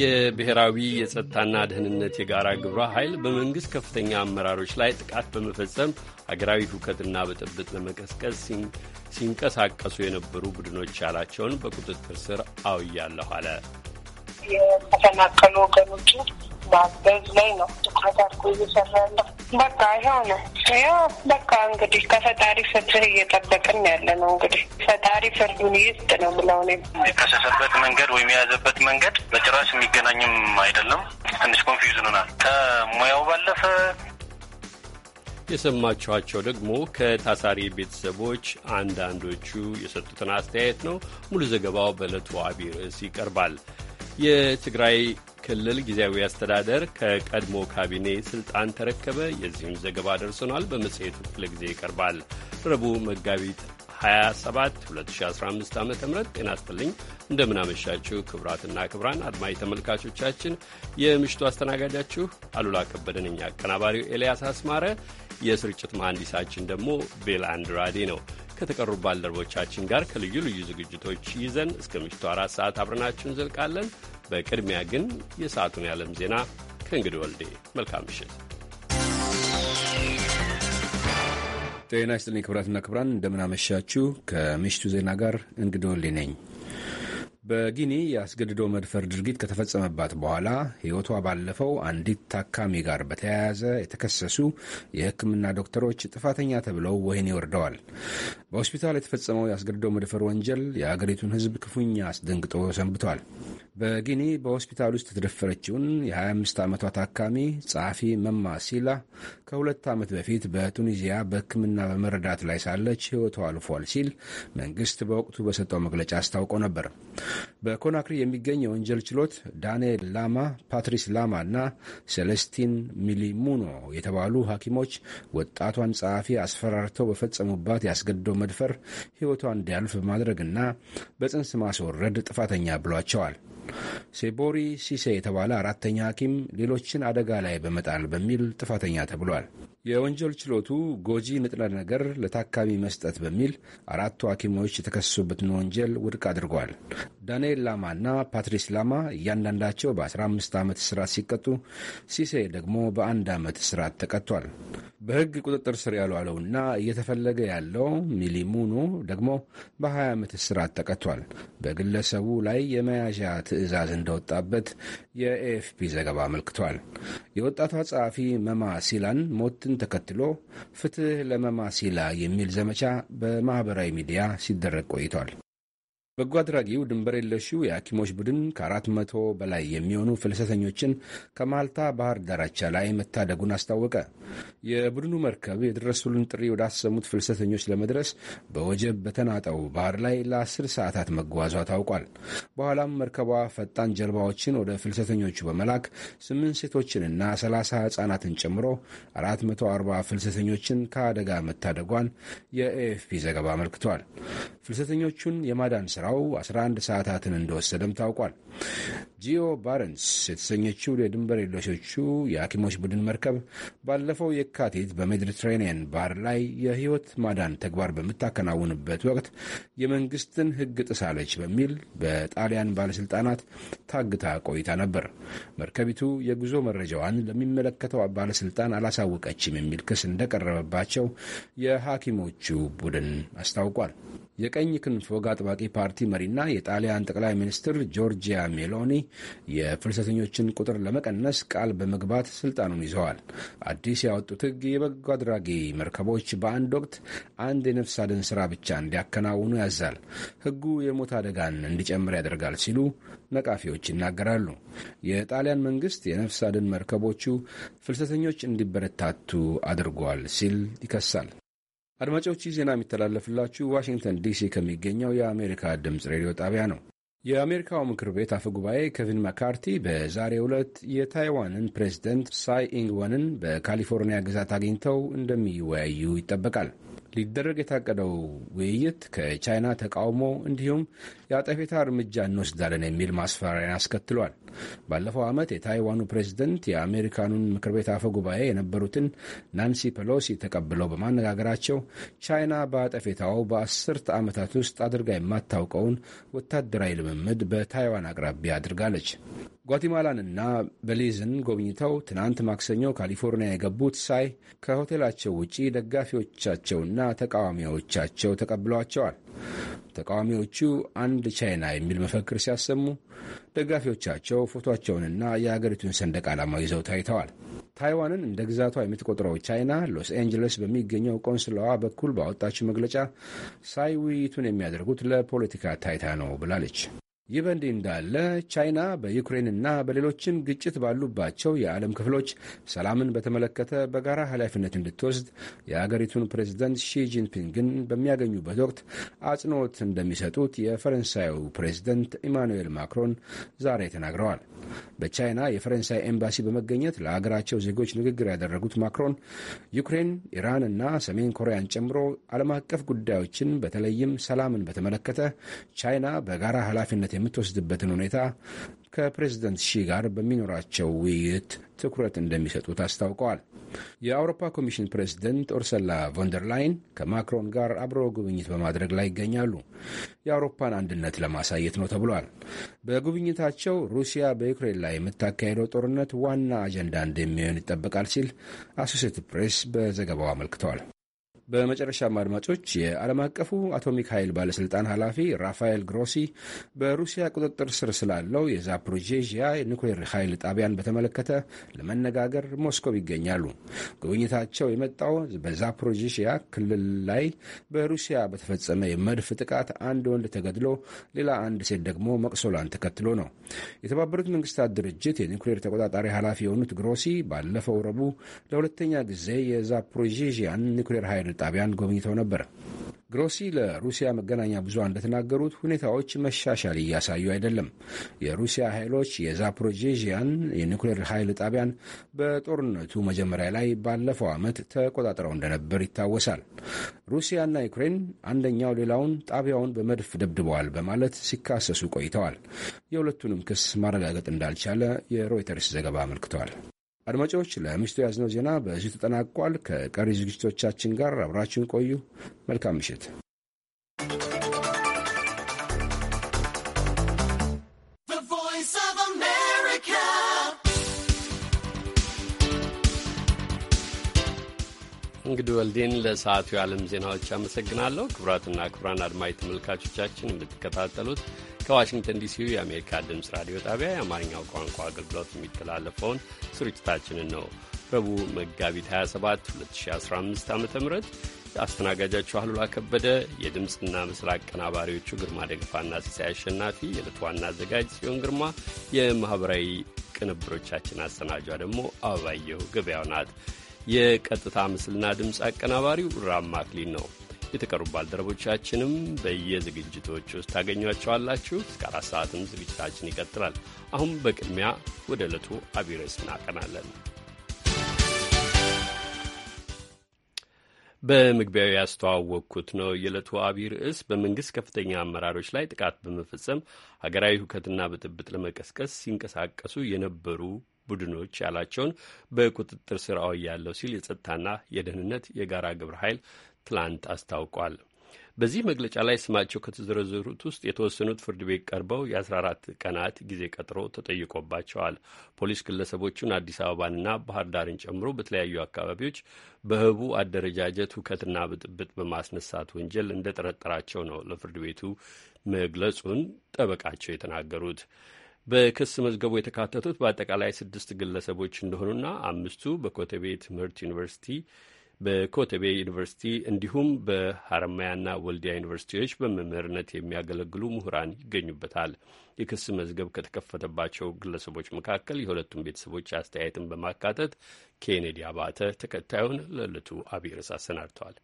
የብሔራዊ የጸጥታና ደህንነት የጋራ ግብረ ኃይል በመንግሥት ከፍተኛ አመራሮች ላይ ጥቃት በመፈጸም አገራዊ ሁከትና ብጥብጥ ለመቀስቀስ ሲንቀሳቀሱ የነበሩ ቡድኖች ያላቸውን በቁጥጥር ስር አውያለሁ አለ። የተፈናቀሉ ወገኖቹ ማገዝ ላይ ነው ትኩረት አድርጎ እየሰራ ያለው። በቃ ይኸው ያው በቃ እንግዲህ ከፈጣሪ ፍትህ እየጠበቅን ያለ ነው። እንግዲህ ፈጣሪ ፍርዱን ይስጥ ነው ብለው እኔም የከሰሰበት መንገድ ወይም የያዘበት መንገድ በጭራሽ የሚገናኝም አይደለም። ትንሽ ኮንፊውዝ ሆናል። ከሙያው ባለፈ የሰማችኋቸው ደግሞ ከታሳሪ ቤተሰቦች አንዳንዶቹ የሰጡትን አስተያየት ነው። ሙሉ ዘገባው በዕለቱ አቢይ ርዕስ ይቀርባል። የትግራይ ክልል ጊዜያዊ አስተዳደር ከቀድሞ ካቢኔ ስልጣን ተረከበ። የዚሁን ዘገባ ደርሶናል፣ በመጽሔቱ ክፍለ ጊዜ ይቀርባል። ረቡዕ መጋቢት 27 2015 ዓ ም ጤና ይስጥልኝ። እንደምናመሻችሁ ክቡራትና ክቡራን አድማጭ ተመልካቾቻችን የምሽቱ አስተናጋጃችሁ አሉላ ከበደ ነኝ። አቀናባሪው ኤልያስ አስማረ፣ የስርጭት መሐንዲሳችን ደግሞ ቤል አንድራዴ ነው። ከተቀሩ ባልደረቦቻችን ጋር ከልዩ ልዩ ዝግጅቶች ይዘን እስከ ምሽቱ አራት ሰዓት አብረናችሁ እንዘልቃለን። በቅድሚያ ግን የሰዓቱን የዓለም ዜና ከእንግዲህ ወልዴ። መልካም ምሽት። ጤና ይስጥልኝ ክብራትና ክብራን፣ እንደምናመሻችሁ። ከምሽቱ ዜና ጋር እንግዲህ ወልዴ ነኝ። በጊኒ የአስገድዶ መድፈር ድርጊት ከተፈጸመባት በኋላ ሕይወቷ ባለፈው አንዲት ታካሚ ጋር በተያያዘ የተከሰሱ የሕክምና ዶክተሮች ጥፋተኛ ተብለው ወህኒ ወርደዋል። በሆስፒታል የተፈጸመው የአስገድዶ መድፈር ወንጀል የአገሪቱን ሕዝብ ክፉኛ አስደንግጦ ሰንብቷል። በጊኒ በሆስፒታል ውስጥ የተደፈረችውን የ25 ዓመቷ ታካሚ ጸሐፊ መማ ሲላ ከሁለት ዓመት በፊት በቱኒዚያ በሕክምና በመረዳት ላይ ሳለች ሕይወቷ አልፏል ሲል መንግስት በወቅቱ በሰጠው መግለጫ አስታውቆ ነበር። በኮናክሪ የሚገኝ የወንጀል ችሎት ዳንኤል ላማ፣ ፓትሪስ ላማ እና ሴሌስቲን ሚሊሙኖ የተባሉ ሐኪሞች ወጣቷን ጸሐፊ አስፈራርተው በፈጸሙባት ያስገድዶ መድፈር ሕይወቷ እንዲያልፍ በማድረግና በጽንስ ማስወረድ ጥፋተኛ ብሏቸዋል። ሴቦሪ ሲሴ የተባለ አራተኛ ሐኪም ሌሎችን አደጋ ላይ በመጣል በሚል ጥፋተኛ ተብሏል። የወንጀል ችሎቱ ጎጂ ንጥረ ነገር ለታካሚ መስጠት በሚል አራቱ ሐኪሞች የተከሰሱበትን ወንጀል ውድቅ አድርጓል። ዳንኤል ላማ እና ፓትሪስ ላማ እያንዳንዳቸው በ15 ዓመት እስራት ሲቀጡ፣ ሲሴ ደግሞ በአንድ ዓመት እስራት ተቀጥቷል። በሕግ ቁጥጥር ስር ያልዋለውና እየተፈለገ ያለው ሚሊሙኑ ደግሞ በ20 ዓመት እስራት ተቀጥቷል። በግለሰቡ ላይ የመያዣ ትዕዛዝ እንደወጣበት የኤኤፍፒ ዘገባ አመልክቷል። የወጣቷ ጸሐፊ መማ ሲላን ሞት ጥቃትን ተከትሎ ፍትህ ለመማሲላ የሚል ዘመቻ በማህበራዊ ሚዲያ ሲደረግ ቆይቷል። በጎ አድራጊው ድንበር የለሽው የሐኪሞች ቡድን ከአራት መቶ በላይ የሚሆኑ ፍልሰተኞችን ከማልታ ባህር ዳርቻ ላይ መታደጉን አስታወቀ። የቡድኑ መርከብ የደረሱልን ጥሪ ወዳሰሙት ፍልሰተኞች ለመድረስ በወጀብ በተናጠው ባህር ላይ ለአስር ሰዓታት መጓዟ ታውቋል። በኋላም መርከቧ ፈጣን ጀልባዎችን ወደ ፍልሰተኞቹ በመላክ ስምንት ሴቶችንና ሰላሳ ህጻናትን ጨምሮ 440 ፍልሰተኞችን ከአደጋ መታደጓን የኤኤፍፒ ዘገባ አመልክቷል። ፍልሰተኞቹን የማዳን ሥራ ምርመራው 11 ሰዓታትን እንደወሰደም ታውቋል። ጂኦ ባረንስ የተሰኘችው የድንበር የለሾቹ የሐኪሞች ቡድን መርከብ ባለፈው የካቲት በሜዲትሬኒየን ባህር ላይ የህይወት ማዳን ተግባር በምታከናውንበት ወቅት የመንግስትን ህግ ጥሳለች በሚል በጣሊያን ባለስልጣናት ታግታ ቆይታ ነበር። መርከቢቱ የጉዞ መረጃዋን ለሚመለከተው ባለስልጣን አላሳወቀችም የሚል ክስ እንደቀረበባቸው የሐኪሞቹ ቡድን አስታውቋል። የቀኝ ክንፍ ወግ አጥባቂ ፓርቲ መሪና የጣሊያን ጠቅላይ ሚኒስትር ጆርጂያ ሜሎኒ የፍልሰተኞችን ቁጥር ለመቀነስ ቃል በመግባት ስልጣኑን ይዘዋል። አዲስ ያወጡት ሕግ የበጎ አድራጊ መርከቦች በአንድ ወቅት አንድ የነፍስ አድን ስራ ብቻ እንዲያከናውኑ ያዛል። ሕጉ የሞት አደጋን እንዲጨምር ያደርጋል ሲሉ ነቃፊዎች ይናገራሉ። የጣሊያን መንግስት የነፍስ አድን መርከቦቹ ፍልሰተኞች እንዲበረታቱ አድርጓል ሲል ይከሳል። አድማጮች ይህ ዜና የሚተላለፍላችሁ ዋሽንግተን ዲሲ ከሚገኘው የአሜሪካ ድምፅ ሬዲዮ ጣቢያ ነው። የአሜሪካው ምክር ቤት አፈ ጉባኤ ኬቪን መካርቲ በዛሬው ዕለት የታይዋንን ፕሬዚደንት ሳይ ኢንግወንን በካሊፎርኒያ ግዛት አግኝተው እንደሚወያዩ ይጠበቃል። ሊደረግ የታቀደው ውይይት ከቻይና ተቃውሞ እንዲሁም የአጠፌታ እርምጃ እንወስዳለን የሚል ማስፈራሪያን አስከትሏል። ባለፈው ዓመት የታይዋኑ ፕሬዚደንት የአሜሪካኑን ምክር ቤት አፈ ጉባኤ የነበሩትን ናንሲ ፔሎሲ ተቀብለው በማነጋገራቸው ቻይና በአጠፌታው በአስርት ዓመታት ውስጥ አድርጋ የማታውቀውን ወታደራዊ ልምምድ በታይዋን አቅራቢያ አድርጋለች። ጓቲማላንና በሊዝን ጎብኝተው ትናንት ማክሰኞ ካሊፎርኒያ የገቡት ሳይ ከሆቴላቸው ውጪ ደጋፊዎቻቸውና ተቃዋሚዎቻቸው ተቀብለዋቸዋል። ተቃዋሚዎቹ አንድ ቻይና የሚል መፈክር ሲያሰሙ ደጋፊዎቻቸው ፎቶቸውንና የአገሪቱን ሰንደቅ ዓላማ ይዘው ታይተዋል። ታይዋንን እንደ ግዛቷ የምትቆጥረው ቻይና ሎስ ኤንጀለስ በሚገኘው ቆንስላዋ በኩል ባወጣችው መግለጫ ሳይ ውይይቱን የሚያደርጉት ለፖለቲካ ታይታ ነው ብላለች። ይህ በእንዲህ እንዳለ ቻይና በዩክሬንና በሌሎችም ግጭት ባሉባቸው የዓለም ክፍሎች ሰላምን በተመለከተ በጋራ ኃላፊነት እንድትወስድ የአገሪቱን ፕሬዝደንት ሺጂንፒንግን በሚያገኙበት ወቅት አጽንኦት እንደሚሰጡት የፈረንሳዩ ፕሬዝደንት ኢማኑኤል ማክሮን ዛሬ ተናግረዋል። በቻይና የፈረንሳይ ኤምባሲ በመገኘት ለአገራቸው ዜጎች ንግግር ያደረጉት ማክሮን ዩክሬን፣ ኢራን እና ሰሜን ኮሪያን ጨምሮ ዓለም አቀፍ ጉዳዮችን በተለይም ሰላምን በተመለከተ ቻይና በጋራ ኃላፊነት የምትወስድበትን ሁኔታ ከፕሬዝደንት ሺ ጋር በሚኖራቸው ውይይት ትኩረት እንደሚሰጡት አስታውቀዋል። የአውሮፓ ኮሚሽን ፕሬዝደንት ኦርሰላ ቮንደርላይን ከማክሮን ጋር አብረው ጉብኝት በማድረግ ላይ ይገኛሉ። የአውሮፓን አንድነት ለማሳየት ነው ተብሏል። በጉብኝታቸው ሩሲያ በዩክሬን ላይ የምታካሄደው ጦርነት ዋና አጀንዳ እንደሚሆን ይጠበቃል ሲል አሶሴትድ ፕሬስ በዘገባው አመልክተዋል። በመጨረሻም አድማጮች የዓለም አቀፉ አቶሚክ ኃይል ባለሥልጣን ኃላፊ ራፋኤል ግሮሲ በሩሲያ ቁጥጥር ስር ስላለው የዛፖሮጄዥያ ኒኩሌር ኃይል ጣቢያን በተመለከተ ለመነጋገር ሞስኮቭ ይገኛሉ። ጉብኝታቸው የመጣው በዛፖሮጄዥያ ክልል ላይ በሩሲያ በተፈጸመ የመድፍ ጥቃት አንድ ወንድ ተገድሎ ሌላ አንድ ሴት ደግሞ መቁሰሏን ተከትሎ ነው። የተባበሩት መንግስታት ድርጅት የኒኩሌር ተቆጣጣሪ ኃላፊ የሆኑት ግሮሲ ባለፈው ረቡዕ ለሁለተኛ ጊዜ የዛፖሮጄዥያን ኒኩሌር ኃይል ጣቢያን ጎብኝተው ነበር። ግሮሲ ለሩሲያ መገናኛ ብዙሃን እንደተናገሩት ሁኔታዎች መሻሻል እያሳዩ አይደለም። የሩሲያ ኃይሎች የዛፕሮጄዥያን የኒኩሌር ኃይል ጣቢያን በጦርነቱ መጀመሪያ ላይ ባለፈው ዓመት ተቆጣጥረው እንደነበር ይታወሳል። ሩሲያና ዩክሬን አንደኛው ሌላውን ጣቢያውን በመድፍ ደብድበዋል በማለት ሲካሰሱ ቆይተዋል። የሁለቱንም ክስ ማረጋገጥ እንዳልቻለ የሮይተርስ ዘገባ አመልክተዋል። አድማጮች፣ ለምሽቱ ያዝነው ዜና በዚሁ ተጠናቋል። ከቀሪ ዝግጅቶቻችን ጋር አብራችሁን ቆዩ። መልካም ምሽት። እንግዲህ ወልዴን ለሰዓቱ የዓለም ዜናዎች አመሰግናለሁ። ክቡራትና ክቡራን አድማጭ ተመልካቾቻችን የምትከታተሉት ከዋሽንግተን ዲሲ የአሜሪካ ድምፅ ራዲዮ ጣቢያ የአማርኛው ቋንቋ አገልግሎት የሚተላለፈውን ስርጭታችንን ነው። ረቡዕ መጋቢት 27 2015 ዓ ም አስተናጋጃችሁ አሉላ ከበደ፣ የድምፅና ምስል አቀናባሪዎቹ ግርማ ደግፋና ሲሳይ አሸናፊ፣ የዕለት ዋና አዘጋጅ ሲሆን ግርማ፣ የማኅበራዊ ቅንብሮቻችን አሰናጇ ደግሞ አበባየሁ ገበያው ናት። የቀጥታ ምስልና ድምፅ አቀናባሪው ራም ማክሊን ነው። የተቀሩ ባልደረቦቻችንም በየዝግጅቶች ውስጥ ታገኟቸዋላችሁ። እስከ አራት ሰዓትም ዝግጅታችን ይቀጥላል። አሁን በቅድሚያ ወደ ዕለቱ አብይ ርዕስ እናቀናለን። በመግቢያው ያስተዋወቅኩት ነው። የዕለቱ አብይ ርዕስ በመንግስት ከፍተኛ አመራሮች ላይ ጥቃት በመፈጸም ሀገራዊ ሁከትና ብጥብጥ ለመቀስቀስ ሲንቀሳቀሱ የነበሩ ቡድኖች ያላቸውን በቁጥጥር ስር አውያለሁ ሲል የጸጥታና የደህንነት የጋራ ግብረ ኃይል ትላንት አስታውቋል። በዚህ መግለጫ ላይ ስማቸው ከተዘረዘሩት ውስጥ የተወሰኑት ፍርድ ቤት ቀርበው የ14 ቀናት ጊዜ ቀጥሮ ተጠይቆባቸዋል። ፖሊስ ግለሰቦቹን አዲስ አበባንና ባህር ዳርን ጨምሮ በተለያዩ አካባቢዎች በህቡ አደረጃጀት ሁከትና ብጥብጥ በማስነሳት ወንጀል እንደጠረጠራቸው ነው ለፍርድ ቤቱ መግለጹን ጠበቃቸው የተናገሩት። በክስ መዝገቡ የተካተቱት በአጠቃላይ ስድስት ግለሰቦች እንደሆኑና አምስቱ በኮተቤ ትምህርት ዩኒቨርሲቲ በኮተቤ ዩኒቨርሲቲ እንዲሁም በሐረማያና ወልዲያ ዩኒቨርሲቲዎች በመምህርነት የሚያገለግሉ ምሁራን ይገኙበታል። የክስ መዝገብ ከተከፈተባቸው ግለሰቦች መካከል የሁለቱም ቤተሰቦች አስተያየትን በማካተት ኬኔዲ አባተ ተከታዩን ለዕለቱ አብይ ርዕስ አሰናድተዋል።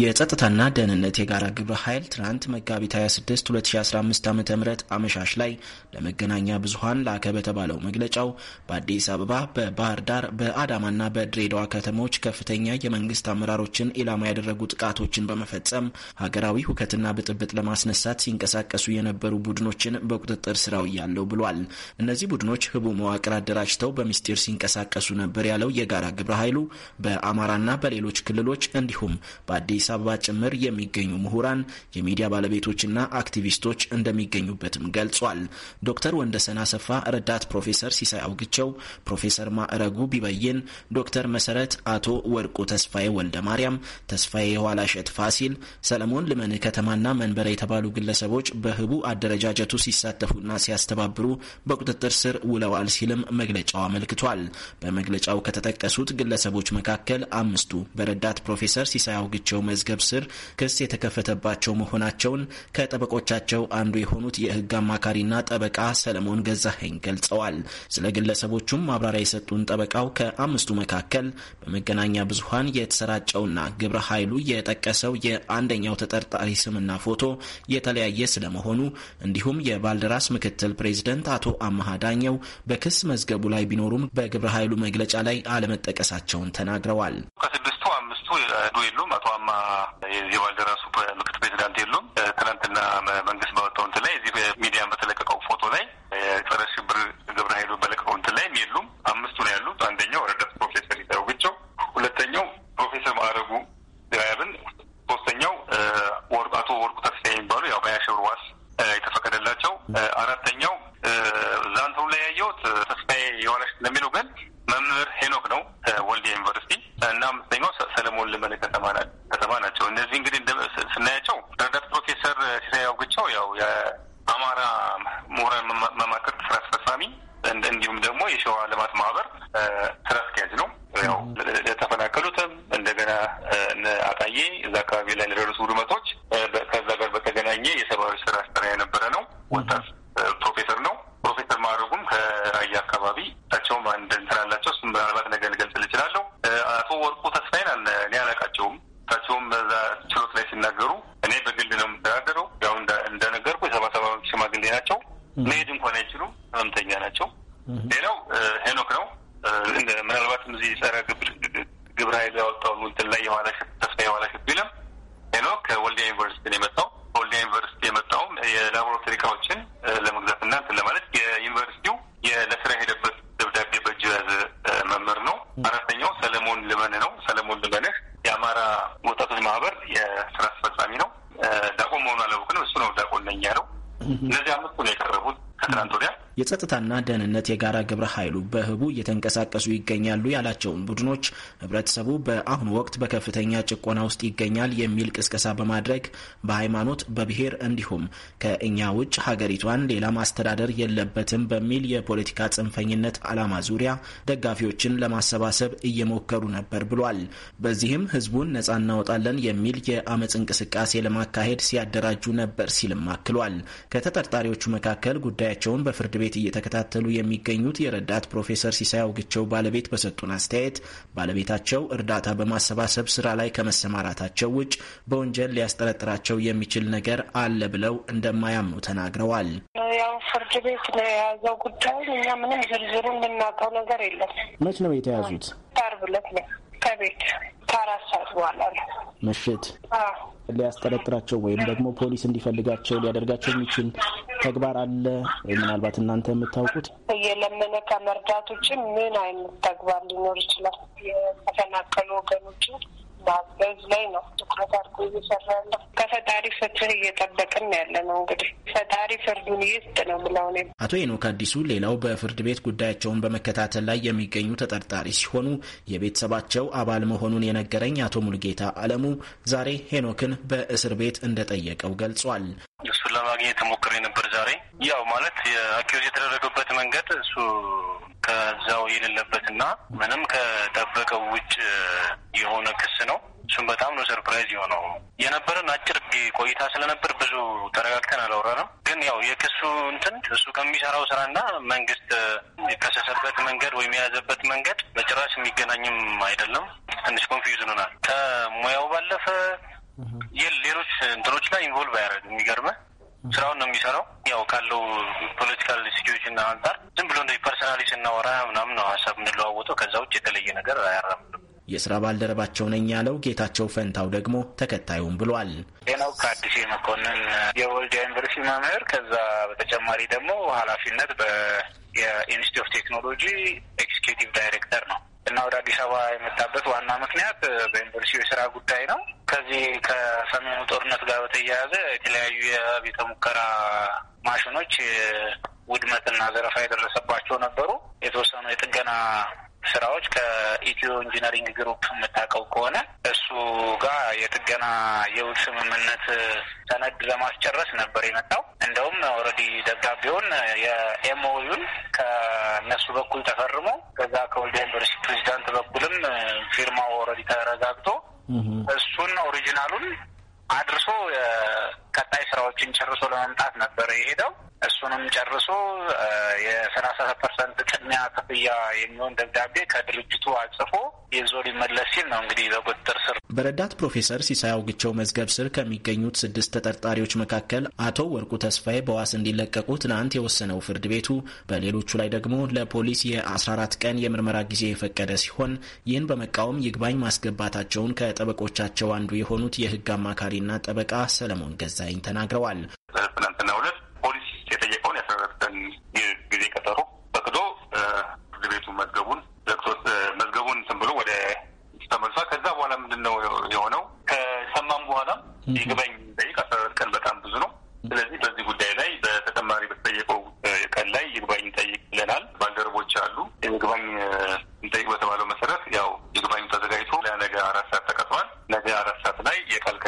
የጸጥታና ደህንነት የጋራ ግብረ ኃይል ትናንት መጋቢት 26 2015 ዓ ም አመሻሽ ላይ ለመገናኛ ብዙሀን ላከ በተባለው መግለጫው በአዲስ አበባ፣ በባህር ዳር፣ በአዳማና በድሬዳዋ ከተሞች ከፍተኛ የመንግስት አመራሮችን ኢላማ ያደረጉ ጥቃቶችን በመፈጸም ሀገራዊ ሁከትና ብጥብጥ ለማስነሳት ሲንቀሳቀሱ የነበሩ ቡድኖችን በቁጥጥር ስራው እያለው ብሏል። እነዚህ ቡድኖች ህቡ መዋቅር አደራጅተው በሚስጢር ሲንቀሳቀሱ ነበር ያለው የጋራ ግብረ ኃይሉ በአማራና በሌሎች ክልሎች እንዲሁም በአዲስ አዲስ አበባ ጭምር የሚገኙ ምሁራን፣ የሚዲያ ባለቤቶችና አክቲቪስቶች እንደሚገኙበትም ገልጿል። ዶክተር ወንደሰን አሰፋ ረዳት ፕሮፌሰር ሲሳይ አውግቸው፣ ፕሮፌሰር ማዕረጉ ቢበይን፣ ዶክተር መሰረት፣ አቶ ወርቁ ተስፋዬ ወልደ ማርያም፣ ተስፋዬ የኋላሸት ፋሲል፣ ሰለሞን ልመን ከተማና መንበረ የተባሉ ግለሰቦች በህቡ አደረጃጀቱ ሲሳተፉና ሲያስተባብሩ በቁጥጥር ስር ውለዋል ሲልም መግለጫው አመልክቷል። በመግለጫው ከተጠቀሱት ግለሰቦች መካከል አምስቱ በረዳት ፕሮፌሰር ሲሳይ አውግቸው መዝገብ ስር ክስ የተከፈተባቸው መሆናቸውን ከጠበቆቻቸው አንዱ የሆኑት የህግ አማካሪና ጠበቃ ሰለሞን ገዛኸኝ ገልጸዋል። ስለ ግለሰቦቹም ማብራሪያ የሰጡን ጠበቃው ከአምስቱ መካከል በመገናኛ ብዙሀን የተሰራጨውና ግብረ ኃይሉ የጠቀሰው የአንደኛው ተጠርጣሪ ስምና ፎቶ የተለያየ ስለመሆኑ እንዲሁም የባልደራስ ምክትል ፕሬዝደንት አቶ አመሃ ዳኘው በክስ መዝገቡ ላይ ቢኖሩም በግብረ ኃይሉ መግለጫ ላይ አለመጠቀሳቸውን ተናግረዋል። ከስድስት አጋርነት የጋራ ግብረ ኃይሉ በህቡ እየተንቀሳቀሱ ይገኛሉ ያላቸውን ቡድኖች ህብረተሰቡ በአሁኑ ወቅት በከፍተኛ ጭቆና ውስጥ ይገኛል የሚል ቅስቀሳ በማድረግ በሃይማኖት፣ በብሔር እንዲሁም ከእኛ ውጭ ሀገሪቷን ሌላ ማስተዳደር የለበትም በሚል የፖለቲካ ጽንፈኝነት ዓላማ ዙሪያ ደጋፊዎችን ለማሰባሰብ እየሞከሩ ነበር ብሏል። በዚህም ህዝቡን ነጻ እናወጣለን የሚል የአመፅ እንቅስቃሴ ለማካሄድ ሲያደራጁ ነበር ሲልም አክሏል። ከተጠርጣሪዎቹ መካከል ጉዳያቸውን በፍርድ ቤት እየተከታተሉ የሚገኙት የረዳት ፕሮፌሰር ሲሳይ አውግቸው ባለቤት በሰጡን አስተያየት ባለቤታቸው እርዳታ በማሰባሰብ ስራ ላይ ከመሰማራታቸው ውጭ በወንጀል ሊያስጠረጥራቸው የሚችል ነገር አለ ብለው እንደማያምኑ ተናግረዋል። ያው ፍርድ ቤት ነው የያዘው ጉዳይ። እኛ ምንም ዝርዝሩ የምናውቀው ነገር የለም። መች ነው የተያዙት? ዓርብ ዕለት ነው። ከቤት ከአራት ሰዓት በኋላ ነው ምሽት ሊያስጠረጥራቸው ወይም ደግሞ ፖሊስ እንዲፈልጋቸው ሊያደርጋቸው የሚችል ተግባር አለ? ምናልባት እናንተ የምታውቁት እየለመነ ከመርዳት ውጭ ምን አይነት ተግባር ሊኖር ይችላል? የተፈናቀሉ ወገኖችን ማገዝ ላይ ነው ትኩረት አድርጎ እየሰራ ያለው። ከፈጣሪ ፍትህ እየጠበቅን ያለ ነው። እንግዲህ ፈጣሪ ፍርዱን ይስጥ ነው ብለው አቶ ሄኖክ አዲሱ ሌላው በፍርድ ቤት ጉዳያቸውን በመከታተል ላይ የሚገኙ ተጠርጣሪ ሲሆኑ የቤተሰባቸው አባል መሆኑን የነገረኝ አቶ ሙልጌታ አለሙ ዛሬ ሄኖክን በእስር ቤት እንደጠየቀው ገልጿል። እሱን ለማግኘት ሞክሬ ነበር ዛሬ ያው ማለት የአኪዮዝ የተደረገበት መንገድ እሱ ከዛው የሌለበት እና ምንም ከጠበቀው ውጭ የሆነ ክስ ነው። እሱም በጣም ነው ሰርፕራይዝ የሆነው። የነበረን አጭር ቆይታ ስለነበር ብዙ ተረጋግተን አላወራንም። ግን ያው የክሱ እንትን እሱ ከሚሰራው ስራና መንግስት የከሰሰበት መንገድ ወይም የያዘበት መንገድ በጭራሽ የሚገናኝም አይደለም። ትንሽ ኮንፊውዝ ሆናል። ከሙያው ባለፈ ሌሎች እንትኖች ላይ ኢንቮልቭ አያደርግ የሚገርምህ ስራውን ነው የሚሰራው። ያው ካለው ፖለቲካል ሲቹዌሽን አንጻር ዝም ብሎ እንደዚህ ፐርሰናሊ ስናወራ ምናምን ነው ሀሳብ የምንለዋወጠው። ከዛ ውጭ የተለየ ነገር አያራምድም። የስራ ባልደረባቸው ነኝ ያለው ጌታቸው ፈንታው ደግሞ ተከታዩም ብሏል። ዜናው ከአዲስ መኮንን የወልዲያ ዩኒቨርሲቲ መምህር፣ ከዛ በተጨማሪ ደግሞ ኃላፊነት በኢንስቲትዩት ኦፍ ቴክኖሎጂ ኤክስኪዩቲቭ ዳይሬክተር ነው። እና ወደ አዲስ አበባ የመጣበት ዋና ምክንያት በዩኒቨርሲቲው የስራ ጉዳይ ነው። ከዚህ ከሰሜኑ ጦርነት ጋር በተያያዘ የተለያዩ የቤተ ሙከራ ማሽኖች ውድመትና ዘረፋ የደረሰባቸው ነበሩ። የተወሰኑ የጥገና ስራዎች ከኢትዮ ኢንጂነሪንግ ግሩፕ የምታውቀው ከሆነ እሱ ጋር የጥገና የውል ስምምነት ሰነድ ለማስጨረስ ነበር የመጣው። እንደውም ኦልሬዲ ደብዳቤውን የኤምኦዩን ከእነሱ በኩል ተፈርሞ ከዛ ከወልደ ዩኒቨርሲቲ ፕሬዚዳንት በኩልም ፊርማው ኦልሬዲ ተረጋግቶ እሱን ኦሪጂናሉን አድርሶ ቀጣይ ስራዎችን ጨርሶ ለመምጣት ነበር የሄደው። እሱንም ጨርሶ የሰላሳ ፐርሰንት ቅድሚያ ክፍያ የሚሆን ደብዳቤ ከድርጅቱ አጽፎ ይዞ ሊመለስ ሲል ነው እንግዲህ በቁጥጥር ስር በረዳት ፕሮፌሰር ሲሳይ አውግቸው መዝገብ ስር ከሚገኙት ስድስት ተጠርጣሪዎች መካከል አቶ ወርቁ ተስፋዬ በዋስ እንዲለቀቁ ትናንት የወሰነው ፍርድ ቤቱ በሌሎቹ ላይ ደግሞ ለፖሊስ የ14 ቀን የምርመራ ጊዜ የፈቀደ ሲሆን ይህን በመቃወም ይግባኝ ማስገባታቸውን ከጠበቆቻቸው አንዱ የሆኑት የህግ አማካሪና ጠበቃ ሰለሞን ገዛኝ ተናግረዋል። ትናንትና ይግባኝ ጠይቅ አስራ አራት ቀን በጣም ብዙ ነው። ስለዚህ በዚህ ጉዳይ ላይ በተጨማሪ በተጠየቀው ቀን ላይ ይግባኝ ጠይቅ ብለናል። ባልደረቦች አሉ። ይግባኝ እንጠይቅ በተባለው መሰረት ያው ይግባኝ ተዘጋጅቶ ለነገ አራት ሰዓት ተቀጥሯል። ነገ አራት ሰዓት ላይ የቃል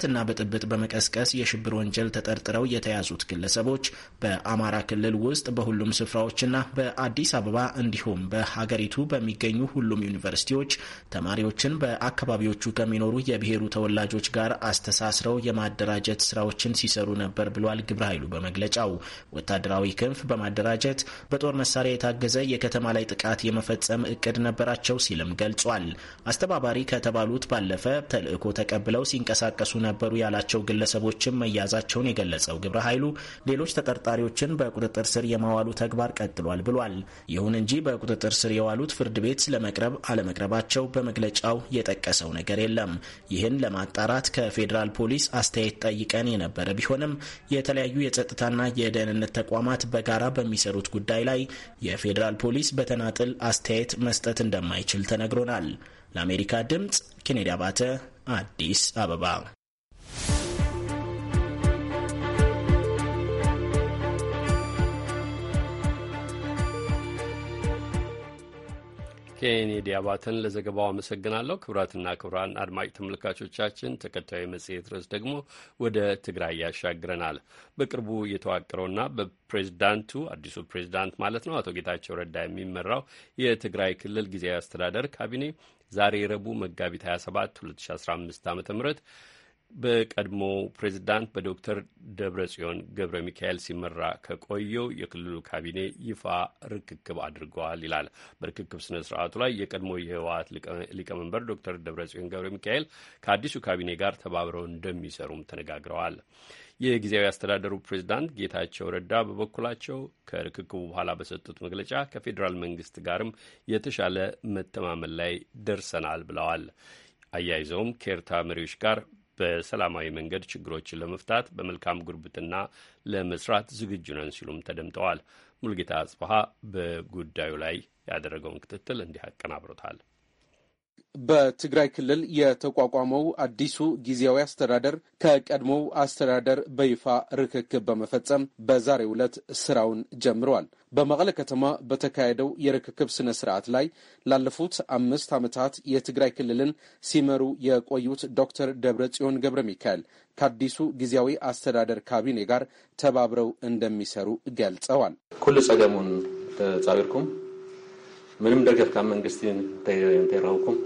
ሁከትና ብጥብጥ በመቀስቀስ የሽብር ወንጀል ተጠርጥረው የተያዙት ግለሰቦች በአማራ ክልል ውስጥ በሁሉም ስፍራዎችና በአዲስ አበባ እንዲሁም በሀገሪቱ በሚገኙ ሁሉም ዩኒቨርሲቲዎች ተማሪዎችን በአካባቢዎቹ ከሚኖሩ የብሔሩ ተወላጆች ጋር አስተሳስረው የማደራጀት ስራዎችን ሲሰሩ ነበር ብሏል ግብረ ኃይሉ በመግለጫው። ወታደራዊ ክንፍ በማደራጀት በጦር መሳሪያ የታገዘ የከተማ ላይ ጥቃት የመፈጸም እቅድ ነበራቸው ሲልም ገልጿል። አስተባባሪ ከተባሉት ባለፈ ተልዕኮ ተቀብለው ሲንቀሳቀሱ ነበር ነበሩ ያላቸው ግለሰቦችም መያዛቸውን የገለጸው ግብረ ኃይሉ ሌሎች ተጠርጣሪዎችን በቁጥጥር ስር የማዋሉ ተግባር ቀጥሏል ብሏል። ይሁን እንጂ በቁጥጥር ስር የዋሉት ፍርድ ቤት ለመቅረብ አለመቅረባቸው በመግለጫው የጠቀሰው ነገር የለም። ይህን ለማጣራት ከፌዴራል ፖሊስ አስተያየት ጠይቀን የነበረ ቢሆንም የተለያዩ የጸጥታና የደህንነት ተቋማት በጋራ በሚሰሩት ጉዳይ ላይ የፌዴራል ፖሊስ በተናጥል አስተያየት መስጠት እንደማይችል ተነግሮናል። ለአሜሪካ ድምፅ ኬኔዲ አባተ አዲስ አበባ ኬኔዲ አባተን ለዘገባው አመሰግናለሁ። ክቡራትና ክቡራን አድማጭ ተመልካቾቻችን ተከታዩ መጽሔት ርዕስ ደግሞ ወደ ትግራይ ያሻግረናል። በቅርቡ የተዋቀረውና በፕሬዚዳንቱ አዲሱ ፕሬዝዳንት ማለት ነው አቶ ጌታቸው ረዳ የሚመራው የትግራይ ክልል ጊዜያዊ አስተዳደር ካቢኔ ዛሬ ረቡዕ መጋቢት 27 2015 ዓ ም በቀድሞ ፕሬዚዳንት በዶክተር ደብረ ጽዮን ገብረ ሚካኤል ሲመራ ከቆየው የክልሉ ካቢኔ ይፋ ርክክብ አድርገዋል ይላል። በርክክብ ስነ ስርዓቱ ላይ የቀድሞ የህወሓት ሊቀመንበር ዶክተር ደብረ ጽዮን ገብረ ሚካኤል ከአዲሱ ካቢኔ ጋር ተባብረው እንደሚሰሩም ተነጋግረዋል። የጊዜያዊ አስተዳደሩ ፕሬዚዳንት ጌታቸው ረዳ በበኩላቸው ከርክክቡ በኋላ በሰጡት መግለጫ ከፌዴራል መንግስት ጋርም የተሻለ መተማመን ላይ ደርሰናል ብለዋል። አያይዘውም ከኤርትራ መሪዎች ጋር በሰላማዊ መንገድ ችግሮችን ለመፍታት በመልካም ጉርብትና ለመስራት ዝግጁ ነን ሲሉም ተደምጠዋል። ሙልጌታ አጽበሀ በጉዳዩ ላይ ያደረገውን ክትትል እንዲህ አቀናብሮታል። በትግራይ ክልል የተቋቋመው አዲሱ ጊዜያዊ አስተዳደር ከቀድሞው አስተዳደር በይፋ ርክክብ በመፈጸም በዛሬው ዕለት ስራውን ጀምረዋል። በመቀለ ከተማ በተካሄደው የርክክብ ስነ ስርዓት ላይ ላለፉት አምስት ዓመታት የትግራይ ክልልን ሲመሩ የቆዩት ዶክተር ደብረ ጽዮን ገብረ ሚካኤል ከአዲሱ ጊዜያዊ አስተዳደር ካቢኔ ጋር ተባብረው እንደሚሰሩ ገልጸዋል። ኩሉ ጸገሙን ተጻቢርኩም ምንም ደገፍ ካብ መንግስቲ እንተይረኽብኩም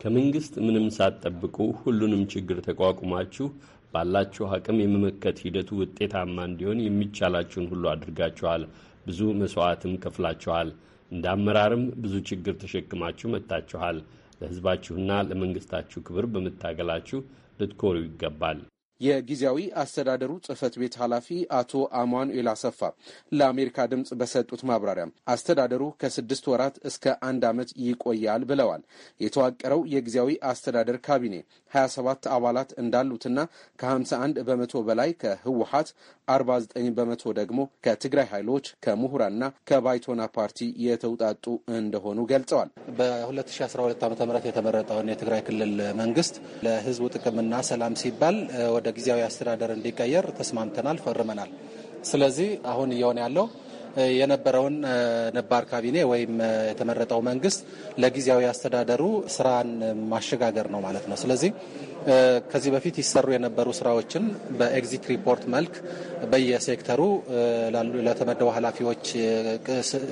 ከመንግስት ምንም ሳትጠብቁ ሁሉንም ችግር ተቋቁማችሁ ባላችሁ አቅም የመመከት ሂደቱ ውጤታማ እንዲሆን የሚቻላችሁን ሁሉ አድርጋችኋል። ብዙ መስዋዕትም ከፍላችኋል። እንደ አመራርም ብዙ ችግር ተሸክማችሁ መጥታችኋል። ለህዝባችሁና ለመንግስታችሁ ክብር በመታገላችሁ ልትኮሩ ይገባል። የጊዜያዊ አስተዳደሩ ጽህፈት ቤት ኃላፊ አቶ አማኑኤል አሰፋ ለአሜሪካ ድምፅ በሰጡት ማብራሪያ አስተዳደሩ ከስድስት ወራት እስከ አንድ ዓመት ይቆያል ብለዋል። የተዋቀረው የጊዜያዊ አስተዳደር ካቢኔ 27 አባላት እንዳሉትና ከ51 በመቶ በላይ ከህወሀት 49 በመቶ ደግሞ ከትግራይ ኃይሎች ከምሁራና ከባይቶና ፓርቲ የተውጣጡ እንደሆኑ ገልጸዋል። በ2012 ዓ ም የተመረጠውን የትግራይ ክልል መንግስት ለህዝቡ ጥቅምና ሰላም ሲባል ወደ ጊዜያዊ አስተዳደር እንዲቀየር ተስማምተናል፣ ፈርመናል። ስለዚህ አሁን እየሆነ ያለው የነበረውን ነባር ካቢኔ ወይም የተመረጠው መንግስት ለጊዜያዊ አስተዳደሩ ስራን ማሸጋገር ነው ማለት ነው። ስለዚህ ከዚህ በፊት ይሰሩ የነበሩ ስራዎችን በኤግዚት ሪፖርት መልክ በየሴክተሩ ለተመደቡ ኃላፊዎች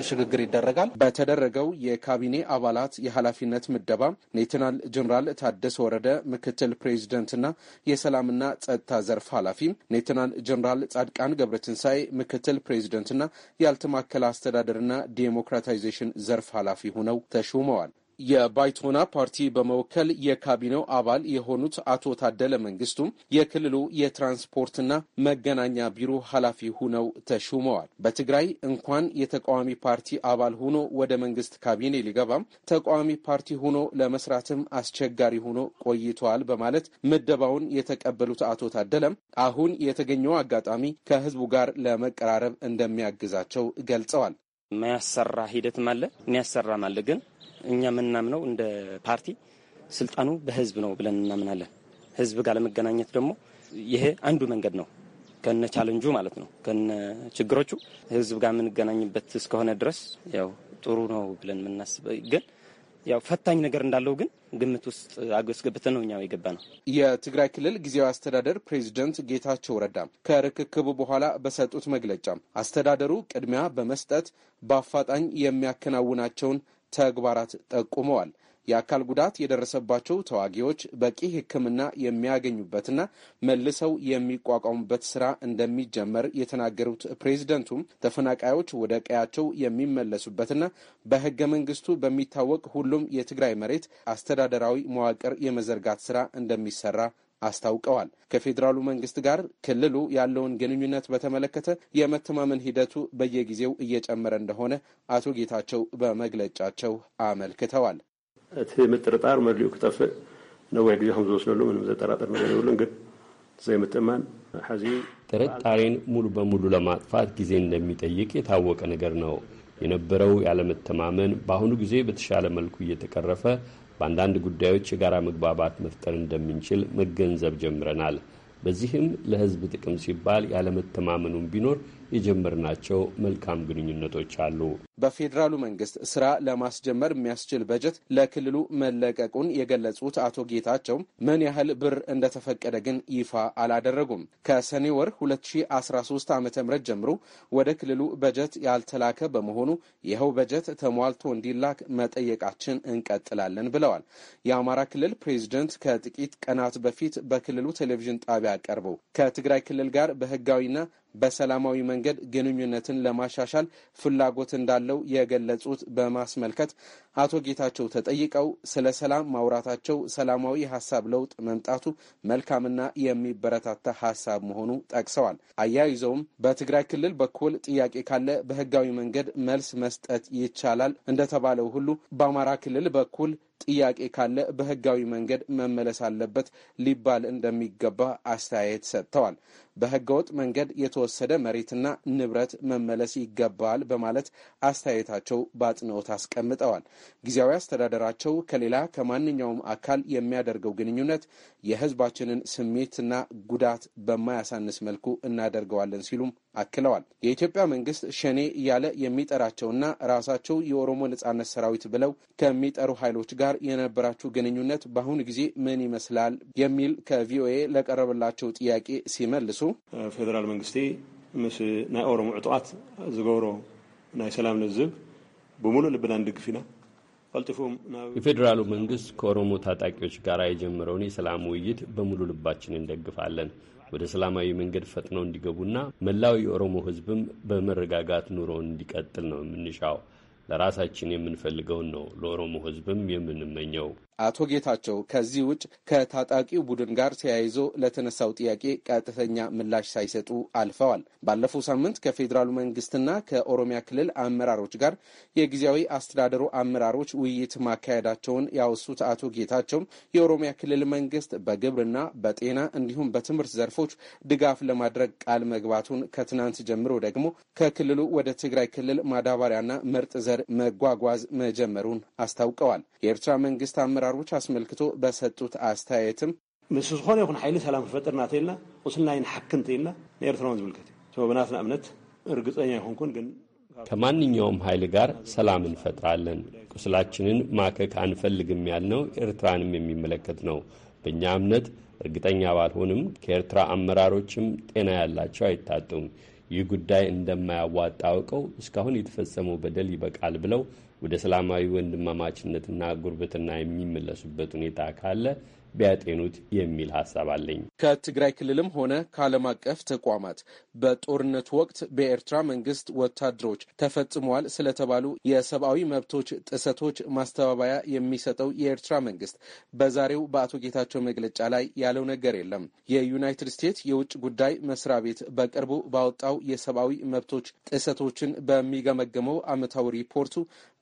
ሽግግር ይደረጋል። በተደረገው የካቢኔ አባላት የኃላፊነት ምደባ ሌተናል ጀኔራል ታደሰ ወረደ ምክትል ፕሬዚደንትና የሰላምና ጸጥታ ዘርፍ ኃላፊ፣ ሌተናል ጀኔራል ጻድቃን ገብረትንሳኤ ምክትል ፕሬዚደንትና የአስፋልት ማዕከል አስተዳደርና ዲሞክራታይዜሽን ዘርፍ ኃላፊ ሆነው ተሹመዋል። የባይቶና ፓርቲ በመወከል የካቢኔው አባል የሆኑት አቶ ታደለ መንግስቱም የክልሉ የትራንስፖርትና መገናኛ ቢሮ ኃላፊ ሁነው ተሹመዋል። በትግራይ እንኳን የተቃዋሚ ፓርቲ አባል ሆኖ ወደ መንግስት ካቢኔ ሊገባም ተቃዋሚ ፓርቲ ሆኖ ለመስራትም አስቸጋሪ ሆኖ ቆይተዋል በማለት ምደባውን የተቀበሉት አቶ ታደለም አሁን የተገኘው አጋጣሚ ከህዝቡ ጋር ለመቀራረብ እንደሚያግዛቸው ገልጸዋል። ማያሰራ ሂደትም አለ፣ የሚያሰራም አለ ግን እኛ የምናምነው እንደ ፓርቲ ስልጣኑ በህዝብ ነው ብለን እናምናለን። ህዝብ ጋር ለመገናኘት ደግሞ ይሄ አንዱ መንገድ ነው፣ ከነ ቻለንጁ ማለት ነው፣ ከነ ችግሮቹ ህዝብ ጋር የምንገናኝበት እስከሆነ ድረስ ያው ጥሩ ነው ብለን የምናስበ ግን ያው ፈታኝ ነገር እንዳለው ግን ግምት ውስጥ አስገብተን ነው እኛ የገባ ነው። የትግራይ ክልል ጊዜያዊ አስተዳደር ፕሬዚደንት ጌታቸው ረዳ ከርክክቡ በኋላ በሰጡት መግለጫ አስተዳደሩ ቅድሚያ በመስጠት በአፋጣኝ የሚያከናውናቸውን ተግባራት ጠቁመዋል። የአካል ጉዳት የደረሰባቸው ተዋጊዎች በቂ ሕክምና የሚያገኙበትና መልሰው የሚቋቋሙበት ስራ እንደሚጀመር የተናገሩት ፕሬዚደንቱም ተፈናቃዮች ወደ ቀያቸው የሚመለሱበትና በህገ መንግስቱ በሚታወቅ ሁሉም የትግራይ መሬት አስተዳደራዊ መዋቅር የመዘርጋት ስራ እንደሚሰራ አስታውቀዋል። ከፌዴራሉ መንግስት ጋር ክልሉ ያለውን ግንኙነት በተመለከተ የመተማመን ሂደቱ በየጊዜው እየጨመረ እንደሆነ አቶ ጌታቸው በመግለጫቸው አመልክተዋል። እቲ ምጥርጣር መድልኡ ክጠፍእ ነዊሕ ግዜ ከም ዝወስደሉ ምንም ዘጠራጠር ነገር የብሉን ግን ዘይምትእማን ሐዚ ጥርጣሬን ሙሉ በሙሉ ለማጥፋት ጊዜ እንደሚጠይቅ የታወቀ ነገር ነው። የነበረው ያለመተማመን በአሁኑ ጊዜ በተሻለ መልኩ እየተቀረፈ በአንዳንድ ጉዳዮች የጋራ መግባባት መፍጠር እንደምንችል መገንዘብ ጀምረናል። በዚህም ለሕዝብ ጥቅም ሲባል ያለመተማመኑም ቢኖር የጀመርናቸው መልካም ግንኙነቶች አሉ። በፌዴራሉ መንግስት ስራ ለማስጀመር የሚያስችል በጀት ለክልሉ መለቀቁን የገለጹት አቶ ጌታቸው ምን ያህል ብር እንደተፈቀደ ግን ይፋ አላደረጉም። ከሰኔ ወር 2013 ዓ ም ጀምሮ ወደ ክልሉ በጀት ያልተላከ በመሆኑ ይኸው በጀት ተሟልቶ እንዲላክ መጠየቃችን እንቀጥላለን ብለዋል። የአማራ ክልል ፕሬዚደንት ከጥቂት ቀናት በፊት በክልሉ ቴሌቪዥን ጣቢያ ቀርበው ከትግራይ ክልል ጋር በህጋዊና በሰላማዊ መንገድ ግንኙነትን ለማሻሻል ፍላጎት እንዳለው የገለጹት በማስመልከት አቶ ጌታቸው ተጠይቀው ስለ ሰላም ማውራታቸው ሰላማዊ ሀሳብ ለውጥ መምጣቱ መልካምና የሚበረታታ ሀሳብ መሆኑ ጠቅሰዋል። አያይዘውም በትግራይ ክልል በኩል ጥያቄ ካለ በህጋዊ መንገድ መልስ መስጠት ይቻላል እንደተባለው ሁሉ በአማራ ክልል በኩል ጥያቄ ካለ በህጋዊ መንገድ መመለስ አለበት ሊባል እንደሚገባ አስተያየት ሰጥተዋል። በህገወጥ መንገድ የተወሰደ መሬትና ንብረት መመለስ ይገባል በማለት አስተያየታቸው በአጽንኦት አስቀምጠዋል። ጊዜያዊ አስተዳደራቸው ከሌላ ከማንኛውም አካል የሚያደርገው ግንኙነት የህዝባችንን ስሜትና ጉዳት በማያሳንስ መልኩ እናደርገዋለን ሲሉም አክለዋል። የኢትዮጵያ መንግስት ሸኔ እያለ የሚጠራቸውና ራሳቸው የኦሮሞ ነጻነት ሰራዊት ብለው ከሚጠሩ ኃይሎች ጋር የነበራችሁ ግንኙነት በአሁኑ ጊዜ ምን ይመስላል? የሚል ከቪኦኤ ለቀረበላቸው ጥያቄ ሲመልሱ ፌደራል መንግስቲ ምስ ናይ ኦሮሞ ዕጡቃት ዝገብሮ ናይ ሰላም ንዝብ ብሙሉእ ልብና ንድግፍ ኢና የፌዴራሉ መንግስት ከኦሮሞ ታጣቂዎች ጋር የጀመረውን የሰላም ውይይት በሙሉ ልባችን እንደግፋለን። ወደ ሰላማዊ መንገድ ፈጥነው እንዲገቡና መላው የኦሮሞ ህዝብም በመረጋጋት ኑሮውን እንዲቀጥል ነው የምንሻው። ለራሳችን የምንፈልገውን ነው ለኦሮሞ ህዝብም የምንመኘው። አቶ ጌታቸው ከዚህ ውጭ ከታጣቂው ቡድን ጋር ተያይዞ ለተነሳው ጥያቄ ቀጥተኛ ምላሽ ሳይሰጡ አልፈዋል። ባለፈው ሳምንት ከፌዴራሉ መንግስትና ከኦሮሚያ ክልል አመራሮች ጋር የጊዜያዊ አስተዳደሩ አመራሮች ውይይት ማካሄዳቸውን ያወሱት አቶ ጌታቸውም የኦሮሚያ ክልል መንግስት በግብርና በጤና እንዲሁም በትምህርት ዘርፎች ድጋፍ ለማድረግ ቃል መግባቱን፣ ከትናንት ጀምሮ ደግሞ ከክልሉ ወደ ትግራይ ክልል ማዳበሪያና ምርጥ ዘር መጓጓዝ መጀመሩን አስታውቀዋል። የኤርትራ መንግስት አመራ አመራሮች አስመልክቶ በሰጡት አስተያየትም ምስ ዝኾነ ይኹን ሓይሊ ሰላም ክፈጥርና እንተኢልና ቁስልና ይንሓክ እንተኢልና ንኤርትራውን ዝምልከት እዩ ብናትና እምነት እርግፀኛ ይኹንኩን ግን ከማንኛውም ኃይል ጋር ሰላም እንፈጥራለን፣ ቁስላችንን ማከክ አንፈልግም ያልነው ኤርትራንም የሚመለከት ነው። በእኛ እምነት እርግጠኛ ባልሆንም ከኤርትራ አመራሮችም ጤና ያላቸው አይታጡም። ይህ ጉዳይ እንደማያዋጣ አውቀው እስካሁን የተፈጸመው በደል ይበቃል ብለው ወደ ሰላማዊ ወንድማማችነትና ጉርብትና የሚመለሱበት ሁኔታ ካለ ቢያጤኑት የሚል ሀሳብ አለኝ። ከትግራይ ክልልም ሆነ ከዓለም አቀፍ ተቋማት በጦርነቱ ወቅት በኤርትራ መንግስት ወታደሮች ተፈጽመዋል ስለተባሉ የሰብአዊ መብቶች ጥሰቶች ማስተባበያ የሚሰጠው የኤርትራ መንግስት በዛሬው በአቶ ጌታቸው መግለጫ ላይ ያለው ነገር የለም። የዩናይትድ ስቴትስ የውጭ ጉዳይ መስሪያ ቤት በቅርቡ ባወጣው የሰብአዊ መብቶች ጥሰቶችን በሚገመገመው ዓመታዊ ሪፖርቱ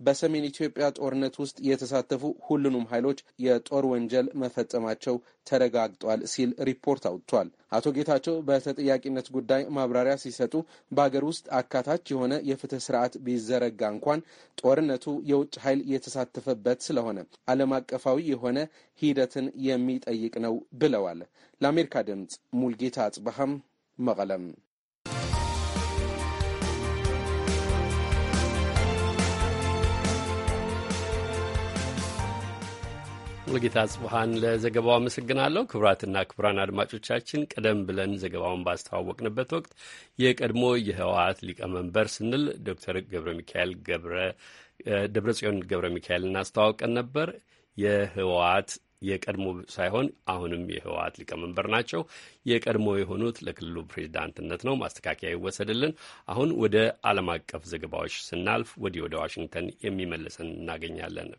በሰሜን ኢትዮጵያ ጦርነት ውስጥ የተሳተፉ ሁሉንም ኃይሎች የጦር ወንጀል መፈጸም መፈጸማቸው ተረጋግጧል ሲል ሪፖርት አውጥቷል። አቶ ጌታቸው በተጠያቂነት ጉዳይ ማብራሪያ ሲሰጡ በሀገር ውስጥ አካታች የሆነ የፍትህ ስርዓት ቢዘረጋ እንኳን ጦርነቱ የውጭ ኃይል የተሳተፈበት ስለሆነ ዓለም አቀፋዊ የሆነ ሂደትን የሚጠይቅ ነው ብለዋል። ለአሜሪካ ድምፅ ሙልጌታ አጽበሃም መቀለም ሙልጌታ ጽቡሃን ለዘገባው አመሰግናለሁ። ክቡራትና ክቡራን አድማጮቻችን ቀደም ብለን ዘገባውን ባስተዋወቅንበት ወቅት የቀድሞ የህወሓት ሊቀመንበር ስንል ዶክተር ገብረ ሚካኤል ደብረጽዮን ገብረ ሚካኤል እናስተዋውቀን ነበር። የህወሓት የቀድሞ ሳይሆን አሁንም የህወሓት ሊቀመንበር ናቸው። የቀድሞ የሆኑት ለክልሉ ፕሬዚዳንትነት ነው። ማስተካከያ ይወሰድልን። አሁን ወደ ዓለም አቀፍ ዘገባዎች ስናልፍ ወዲህ ወደ ዋሽንግተን የሚመልሰን እናገኛለን።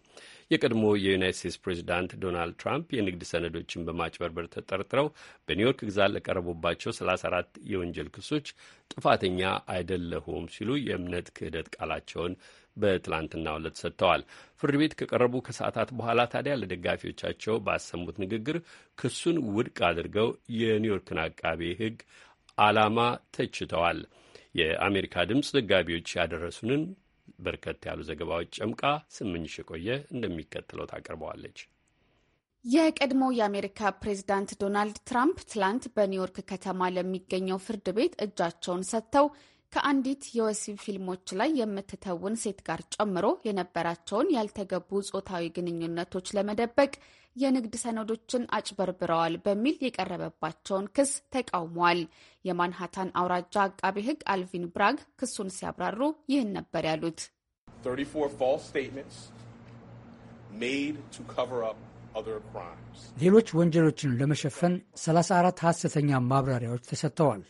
የቀድሞ የዩናይት ስቴትስ ፕሬዚዳንት ዶናልድ ትራምፕ የንግድ ሰነዶችን በማጭበርበር ተጠርጥረው በኒውዮርክ ግዛት ለቀረቡባቸው 34 የወንጀል ክሶች ጥፋተኛ አይደለሁም ሲሉ የእምነት ክህደት ቃላቸውን በትላንትና ዕለት ሰጥተዋል። ፍርድ ቤት ከቀረቡ ከሰዓታት በኋላ ታዲያ ለደጋፊዎቻቸው ባሰሙት ንግግር ክሱን ውድቅ አድርገው የኒውዮርክን አቃቤ ሕግ ዓላማ ተችተዋል። የአሜሪካ ድምፅ ዘጋቢዎች ያደረሱንን በርከት ያሉ ዘገባዎች ጨምቃ ስምኝሽ የቆየ እንደሚከተለው ታቀርበዋለች። የቀድሞ የአሜሪካ ፕሬዝዳንት ዶናልድ ትራምፕ ትላንት በኒውዮርክ ከተማ ለሚገኘው ፍርድ ቤት እጃቸውን ሰጥተው ከአንዲት የወሲብ ፊልሞች ላይ የምትተውን ሴት ጋር ጨምሮ የነበራቸውን ያልተገቡ ጾታዊ ግንኙነቶች ለመደበቅ የንግድ ሰነዶችን አጭበርብረዋል በሚል የቀረበባቸውን ክስ ተቃውመዋል። የማንሃታን አውራጃ አቃቢ ሕግ አልቪን ብራግ ክሱን ሲያብራሩ ይህን ነበር ያሉት። ሌሎች ወንጀሎችን ለመሸፈን 34 ሐሰተኛ ማብራሪያዎች ተሰጥተዋል።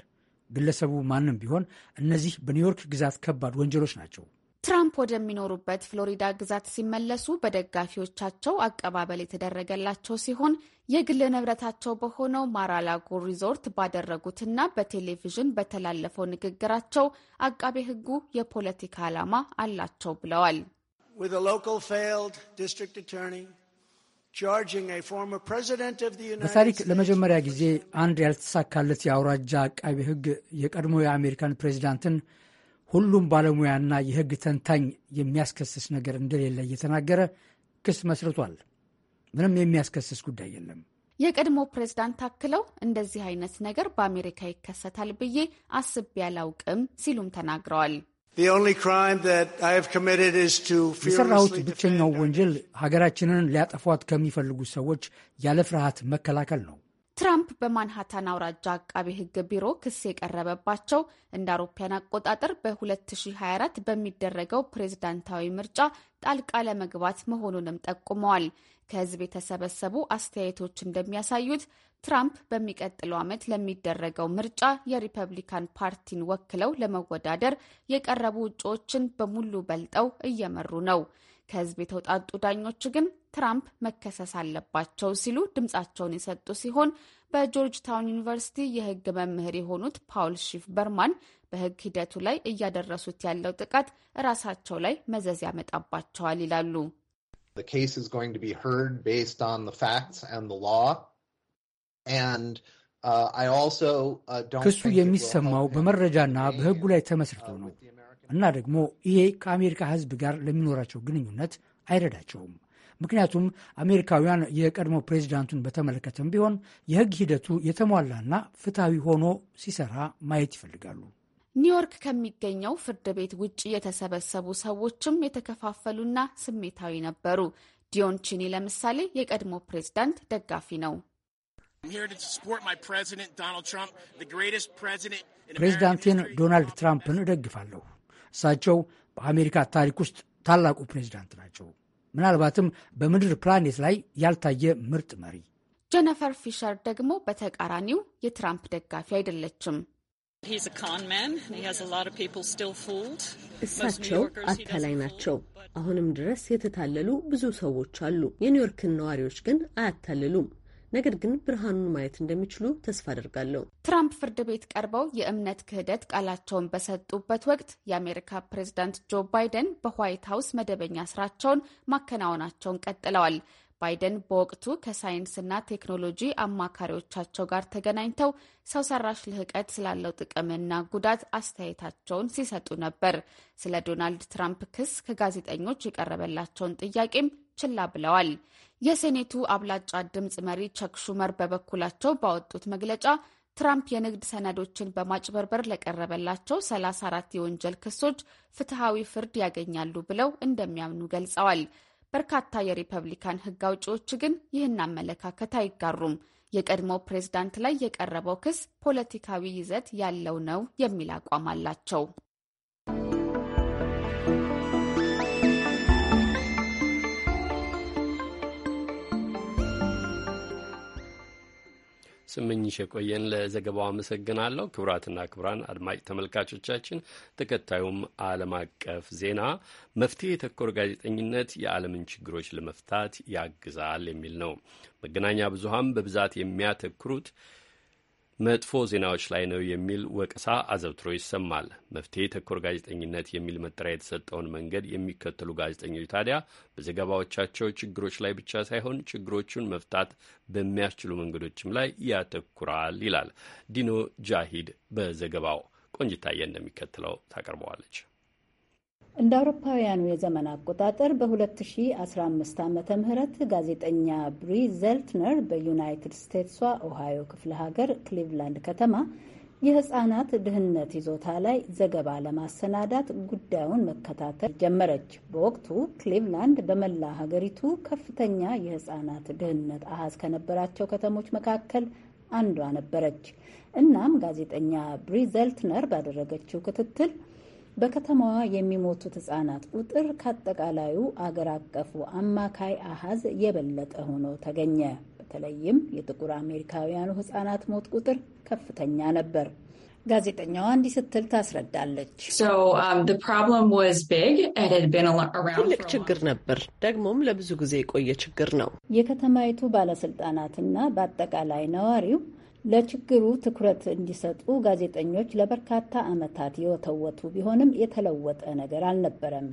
ግለሰቡ ማንም ቢሆን እነዚህ በኒውዮርክ ግዛት ከባድ ወንጀሎች ናቸው። ትራምፕ ወደሚኖሩበት ፍሎሪዳ ግዛት ሲመለሱ በደጋፊዎቻቸው አቀባበል የተደረገላቸው ሲሆን የግል ንብረታቸው በሆነው ማራላጎ ሪዞርት ባደረጉትና በቴሌቪዥን በተላለፈው ንግግራቸው አቃቤ ሕጉ የፖለቲካ ዓላማ አላቸው ብለዋል። በታሪክ ለመጀመሪያ ጊዜ አንድ ያልተሳካለት የአውራጃ አቃቢ ሕግ የቀድሞ የአሜሪካን ፕሬዚዳንትን ሁሉም ባለሙያና የሕግ ተንታኝ የሚያስከስስ ነገር እንደሌለ እየተናገረ ክስ መስርቷል። ምንም የሚያስከስስ ጉዳይ የለም። የቀድሞ ፕሬዝዳንት አክለው እንደዚህ አይነት ነገር በአሜሪካ ይከሰታል ብዬ አስቤ አላውቅም ሲሉም ተናግረዋል። የሰራሁት ብቸኛው ወንጀል ሀገራችንን ሊያጠፏት ከሚፈልጉ ሰዎች ያለ ፍርሃት መከላከል ነው። ትራምፕ በማንሃታን አውራጃ አቃቢ ሕግ ቢሮ ክስ የቀረበባቸው እንደ አውሮፓያን አቆጣጠር በ2024 በሚደረገው ፕሬዝዳንታዊ ምርጫ ጣልቃ ለመግባት መሆኑንም ጠቁመዋል። ከህዝብ የተሰበሰቡ አስተያየቶች እንደሚያሳዩት ትራምፕ በሚቀጥለው ዓመት ለሚደረገው ምርጫ የሪፐብሊካን ፓርቲን ወክለው ለመወዳደር የቀረቡ እጩዎችን በሙሉ በልጠው እየመሩ ነው። ከህዝብ የተውጣጡ ዳኞች ግን ትራምፕ መከሰስ አለባቸው ሲሉ ድምጻቸውን የሰጡ ሲሆን በጆርጅ ታውን ዩኒቨርሲቲ የህግ መምህር የሆኑት ፓውል ሺፍ በርማን በህግ ሂደቱ ላይ እያደረሱት ያለው ጥቃት እራሳቸው ላይ መዘዝ ያመጣባቸዋል ይላሉ። Uh, uh, ክሱ የሚሰማው በመረጃና በሕጉ ላይ uh, ተመስርቶ ነው እና ደግሞ ይሄ ከአሜሪካ ሕዝብ ጋር ለሚኖራቸው ግንኙነት አይረዳቸውም። ምክንያቱም አሜሪካውያን የቀድሞ ፕሬዚዳንቱን በተመለከተም ቢሆን የሕግ ሂደቱ የተሟላና ፍትሐዊ ሆኖ ሲሰራ ማየት ይፈልጋሉ። ኒውዮርክ ከሚገኘው ፍርድ ቤት ውጭ የተሰበሰቡ ሰዎችም የተከፋፈሉና ስሜታዊ ነበሩ። ዲዮንቺኒ ለምሳሌ የቀድሞ ፕሬዚዳንት ደጋፊ ነው። ፕሬዚዳንቴን ዶናልድ ትራምፕን እደግፋለሁ። እሳቸው በአሜሪካ ታሪክ ውስጥ ታላቁ ፕሬዚዳንት ናቸው። ምናልባትም በምድር ፕላኔት ላይ ያልታየ ምርጥ መሪ። ጀነፈር ፊሸር ደግሞ በተቃራኒው የትራምፕ ደጋፊ አይደለችም። እሳቸው አታላይ ናቸው። አሁንም ድረስ የተታለሉ ብዙ ሰዎች አሉ። የኒውዮርክን ነዋሪዎች ግን አያታልሉም። ነገር ግን ብርሃኑን ማየት እንደሚችሉ ተስፋ አደርጋለሁ። ትራምፕ ፍርድ ቤት ቀርበው የእምነት ክህደት ቃላቸውን በሰጡበት ወቅት የአሜሪካ ፕሬዝዳንት ጆ ባይደን በዋይት ሀውስ መደበኛ ስራቸውን ማከናወናቸውን ቀጥለዋል። ባይደን በወቅቱ ከሳይንስና ቴክኖሎጂ አማካሪዎቻቸው ጋር ተገናኝተው ሰው ሰራሽ ልህቀት ስላለው ጥቅምና ጉዳት አስተያየታቸውን ሲሰጡ ነበር። ስለ ዶናልድ ትራምፕ ክስ ከጋዜጠኞች የቀረበላቸውን ጥያቄም ችላ ብለዋል። የሴኔቱ አብላጫ ድምፅ መሪ ቸክ ሹመር በበኩላቸው ባወጡት መግለጫ ትራምፕ የንግድ ሰነዶችን በማጭበርበር ለቀረበላቸው 34 የወንጀል ክሶች ፍትሐዊ ፍርድ ያገኛሉ ብለው እንደሚያምኑ ገልጸዋል። በርካታ የሪፐብሊካን ሕግ አውጪዎች ግን ይህን አመለካከት አይጋሩም። የቀድሞ ፕሬዝዳንት ላይ የቀረበው ክስ ፖለቲካዊ ይዘት ያለው ነው የሚል አቋም አላቸው። ስመኝሽ የቆየን ለዘገባው አመሰግናለሁ። ክቡራትና ክቡራን አድማጭ ተመልካቾቻችን ተከታዩም ዓለም አቀፍ ዜና መፍትሄ የተኮር ጋዜጠኝነት የዓለምን ችግሮች ለመፍታት ያግዛል የሚል ነው። መገናኛ ብዙሃን በብዛት የሚያተኩሩት መጥፎ ዜናዎች ላይ ነው የሚል ወቀሳ አዘውትሮ ይሰማል። መፍትሄ ተኮር ጋዜጠኝነት የሚል መጠሪያ የተሰጠውን መንገድ የሚከተሉ ጋዜጠኞች ታዲያ በዘገባዎቻቸው ችግሮች ላይ ብቻ ሳይሆን ችግሮቹን መፍታት በሚያስችሉ መንገዶችም ላይ ያተኩራል ይላል ዲኖ ጃሂድ በዘገባው። ቆንጅታየ እንደሚከተለው ታቀርበዋለች። እንደ አውሮፓውያኑ የዘመን አቆጣጠር በ2015 ዓ ም ጋዜጠኛ ብሪ ዘልትነር በዩናይትድ ስቴትሷ ኦሃዮ ክፍለ ሀገር ክሊቭላንድ ከተማ የህጻናት ድህነት ይዞታ ላይ ዘገባ ለማሰናዳት ጉዳዩን መከታተል ጀመረች። በወቅቱ ክሊቭላንድ በመላ ሀገሪቱ ከፍተኛ የህጻናት ድህነት አሃዝ ከነበራቸው ከተሞች መካከል አንዷ ነበረች። እናም ጋዜጠኛ ብሪ ዘልትነር ባደረገችው ክትትል በከተማዋ የሚሞቱት ህጻናት ቁጥር ከአጠቃላዩ አገር አቀፉ አማካይ አሃዝ የበለጠ ሆኖ ተገኘ። በተለይም የጥቁር አሜሪካውያኑ ህጻናት ሞት ቁጥር ከፍተኛ ነበር። ጋዜጠኛዋ እንዲህ ስትል ታስረዳለች። um, ትልቅ ችግር ነበር፣ ደግሞም ለብዙ ጊዜ የቆየ ችግር ነው። የከተማይቱ ባለስልጣናትና በአጠቃላይ ነዋሪው ለችግሩ ትኩረት እንዲሰጡ ጋዜጠኞች ለበርካታ ዓመታት የወተወቱ ቢሆንም የተለወጠ ነገር አልነበረም።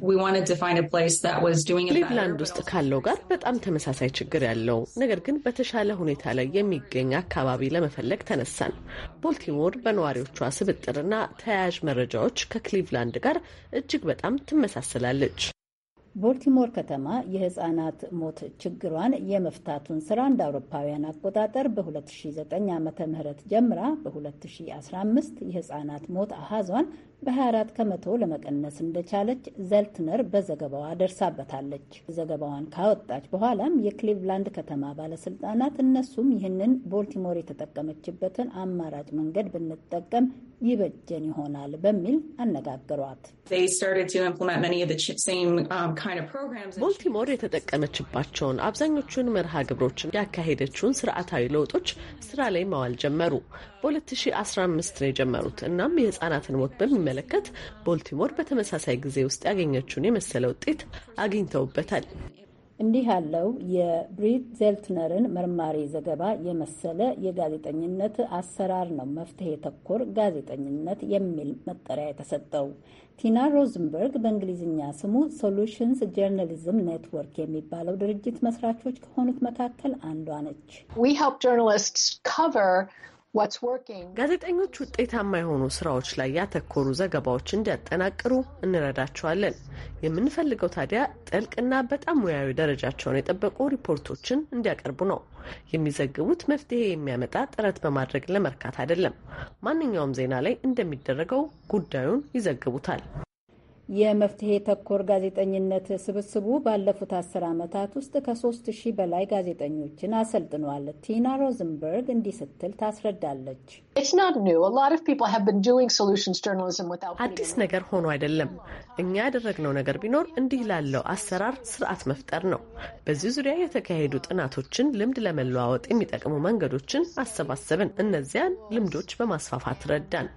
ክሊቭላንድ ውስጥ ካለው ጋር በጣም ተመሳሳይ ችግር ያለው ነገር ግን በተሻለ ሁኔታ ላይ የሚገኝ አካባቢ ለመፈለግ ተነሳን። ቦልቲሞር በነዋሪዎቿ ስብጥርና ተያያዥ መረጃዎች ከክሊቭላንድ ጋር እጅግ በጣም ትመሳሰላለች። ቦልቲሞር ከተማ የህጻናት ሞት ችግሯን የመፍታቱን ስራ እንደ አውሮፓውያን አቆጣጠር በ2009 ዓ ም ጀምራ በ2015 የህጻናት ሞት አሃዟን በ24 ከመቶ ለመቀነስ እንደቻለች ዘልትነር በዘገባዋ ደርሳበታለች። ዘገባዋን ካወጣች በኋላም የክሊቭላንድ ከተማ ባለስልጣናት እነሱም ይህንን ቦልቲሞር የተጠቀመችበትን አማራጭ መንገድ ብንጠቀም ይበጀን ይሆናል በሚል አነጋግሯት። um, ቦልቲሞር የተጠቀመችባቸውን አብዛኞቹን መርሃ ግብሮችን ያካሄደችውን ስርዓታዊ ለውጦች ስራ ላይ ማዋል ጀመሩ። በ2015 ነው የጀመሩት። እናም የህፃናትን ሞት በሚመለከት ቦልቲሞር በተመሳሳይ ጊዜ ውስጥ ያገኘችውን የመሰለ ውጤት አግኝተውበታል። እንዲህ ያለው የብሪት ዜልትነርን መርማሪ ዘገባ የመሰለ የጋዜጠኝነት አሰራር ነው መፍትሄ ተኮር ጋዜጠኝነት የሚል መጠሪያ የተሰጠው። ቲና ሮዝንበርግ በእንግሊዝኛ ስሙ ሶሉሽንስ ጀርናሊዝም ኔትወርክ የሚባለው ድርጅት መስራቾች ከሆኑት መካከል አንዷ ነች። ጋዜጠኞች ውጤታማ የሆኑ ስራዎች ላይ ያተኮሩ ዘገባዎች እንዲያጠናቅሩ እንረዳቸዋለን። የምንፈልገው ታዲያ ጥልቅና በጣም ሙያዊ ደረጃቸውን የጠበቁ ሪፖርቶችን እንዲያቀርቡ ነው። የሚዘግቡት መፍትሄ የሚያመጣ ጥረት በማድረግ ለመርካት አይደለም። ማንኛውም ዜና ላይ እንደሚደረገው ጉዳዩን ይዘግቡታል። የመፍትሄ ተኮር ጋዜጠኝነት ስብስቡ ባለፉት አስር ዓመታት ውስጥ ከሶስት ሺህ በላይ ጋዜጠኞችን አሰልጥኗል። ቲና ሮዝንበርግ እንዲህ ስትል ታስረዳለች። አዲስ ነገር ሆኖ አይደለም። እኛ ያደረግነው ነገር ቢኖር እንዲህ ላለው አሰራር ስርዓት መፍጠር ነው። በዚህ ዙሪያ የተካሄዱ ጥናቶችን፣ ልምድ ለመለዋወጥ የሚጠቅሙ መንገዶችን አሰባሰብን። እነዚያን ልምዶች በማስፋፋት ረዳን።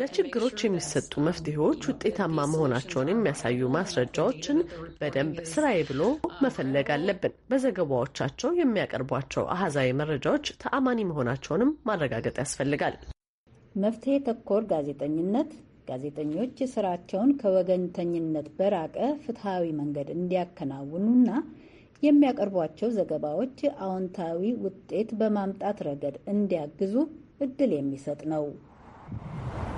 ለችግሮች የሚሰጡ um, መፍትሄዎች ውጤታማ መሆናቸውን የሚያሳዩ ማስረጃዎችን በደንብ ስራዬ ብሎ um, መፈለግ አለብን። በዘገባዎቻቸው የሚያቀርቧቸው አሃዛዊ መረጃዎች ተአማኒ መሆናቸውንም ማረጋገጥ ያስፈልጋል። መፍትሄ ተኮር ጋዜጠኝነት ጋዜጠኞች ስራቸውን ከወገንተኝነት በራቀ ፍትሐዊ መንገድ እንዲያከናውኑና የሚያቀርቧቸው ዘገባዎች አዎንታዊ ውጤት በማምጣት ረገድ እንዲያግዙ እድል የሚሰጥ ነው። あ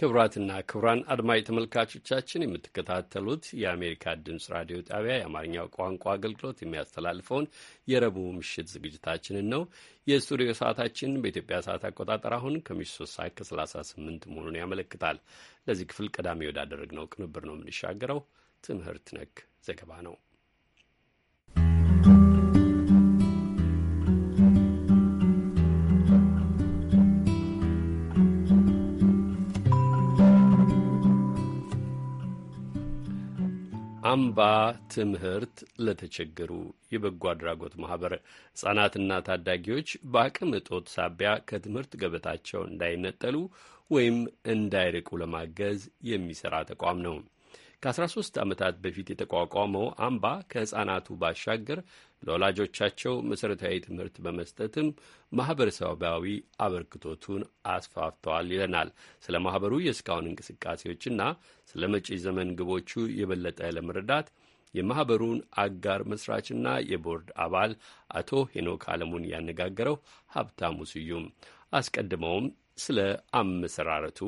ክቡራትና ክቡራን አድማጭ ተመልካቾቻችን የምትከታተሉት የአሜሪካ ድምፅ ራዲዮ ጣቢያ የአማርኛው ቋንቋ አገልግሎት የሚያስተላልፈውን የረቡዕ ምሽት ዝግጅታችንን ነው። የስቱዲዮ ሰዓታችን በኢትዮጵያ ሰዓት አቆጣጠር አሁን ከምሽቱ 3 ሰዓት ከ38 መሆኑን ያመለክታል። ለዚህ ክፍል ቀዳሚ ወዳደረግነው ቅንብር ነው የምንሻገረው። ትምህርት ነክ ዘገባ ነው። አምባ ትምህርት ለተቸገሩ የበጎ አድራጎት ማህበር ሕጻናትና ታዳጊዎች በአቅም እጦት ሳቢያ ከትምህርት ገበታቸው እንዳይነጠሉ ወይም እንዳይርቁ ለማገዝ የሚሠራ ተቋም ነው። ከ13 ዓመታት በፊት የተቋቋመው አምባ ከሕፃናቱ ባሻገር ለወላጆቻቸው መሠረታዊ ትምህርት በመስጠትም ማኅበረሰባዊ አበርክቶቱን አስፋፍተዋል ይለናል። ስለ ማኅበሩ የእስካሁን እንቅስቃሴዎችና ስለ መጪ ዘመን ግቦቹ የበለጠ ለመረዳት የማኅበሩን አጋር መስራችና የቦርድ አባል አቶ ሄኖክ አለሙን ያነጋገረው ሀብታሙ ስዩም አስቀድመውም ስለ አመሰራረቱ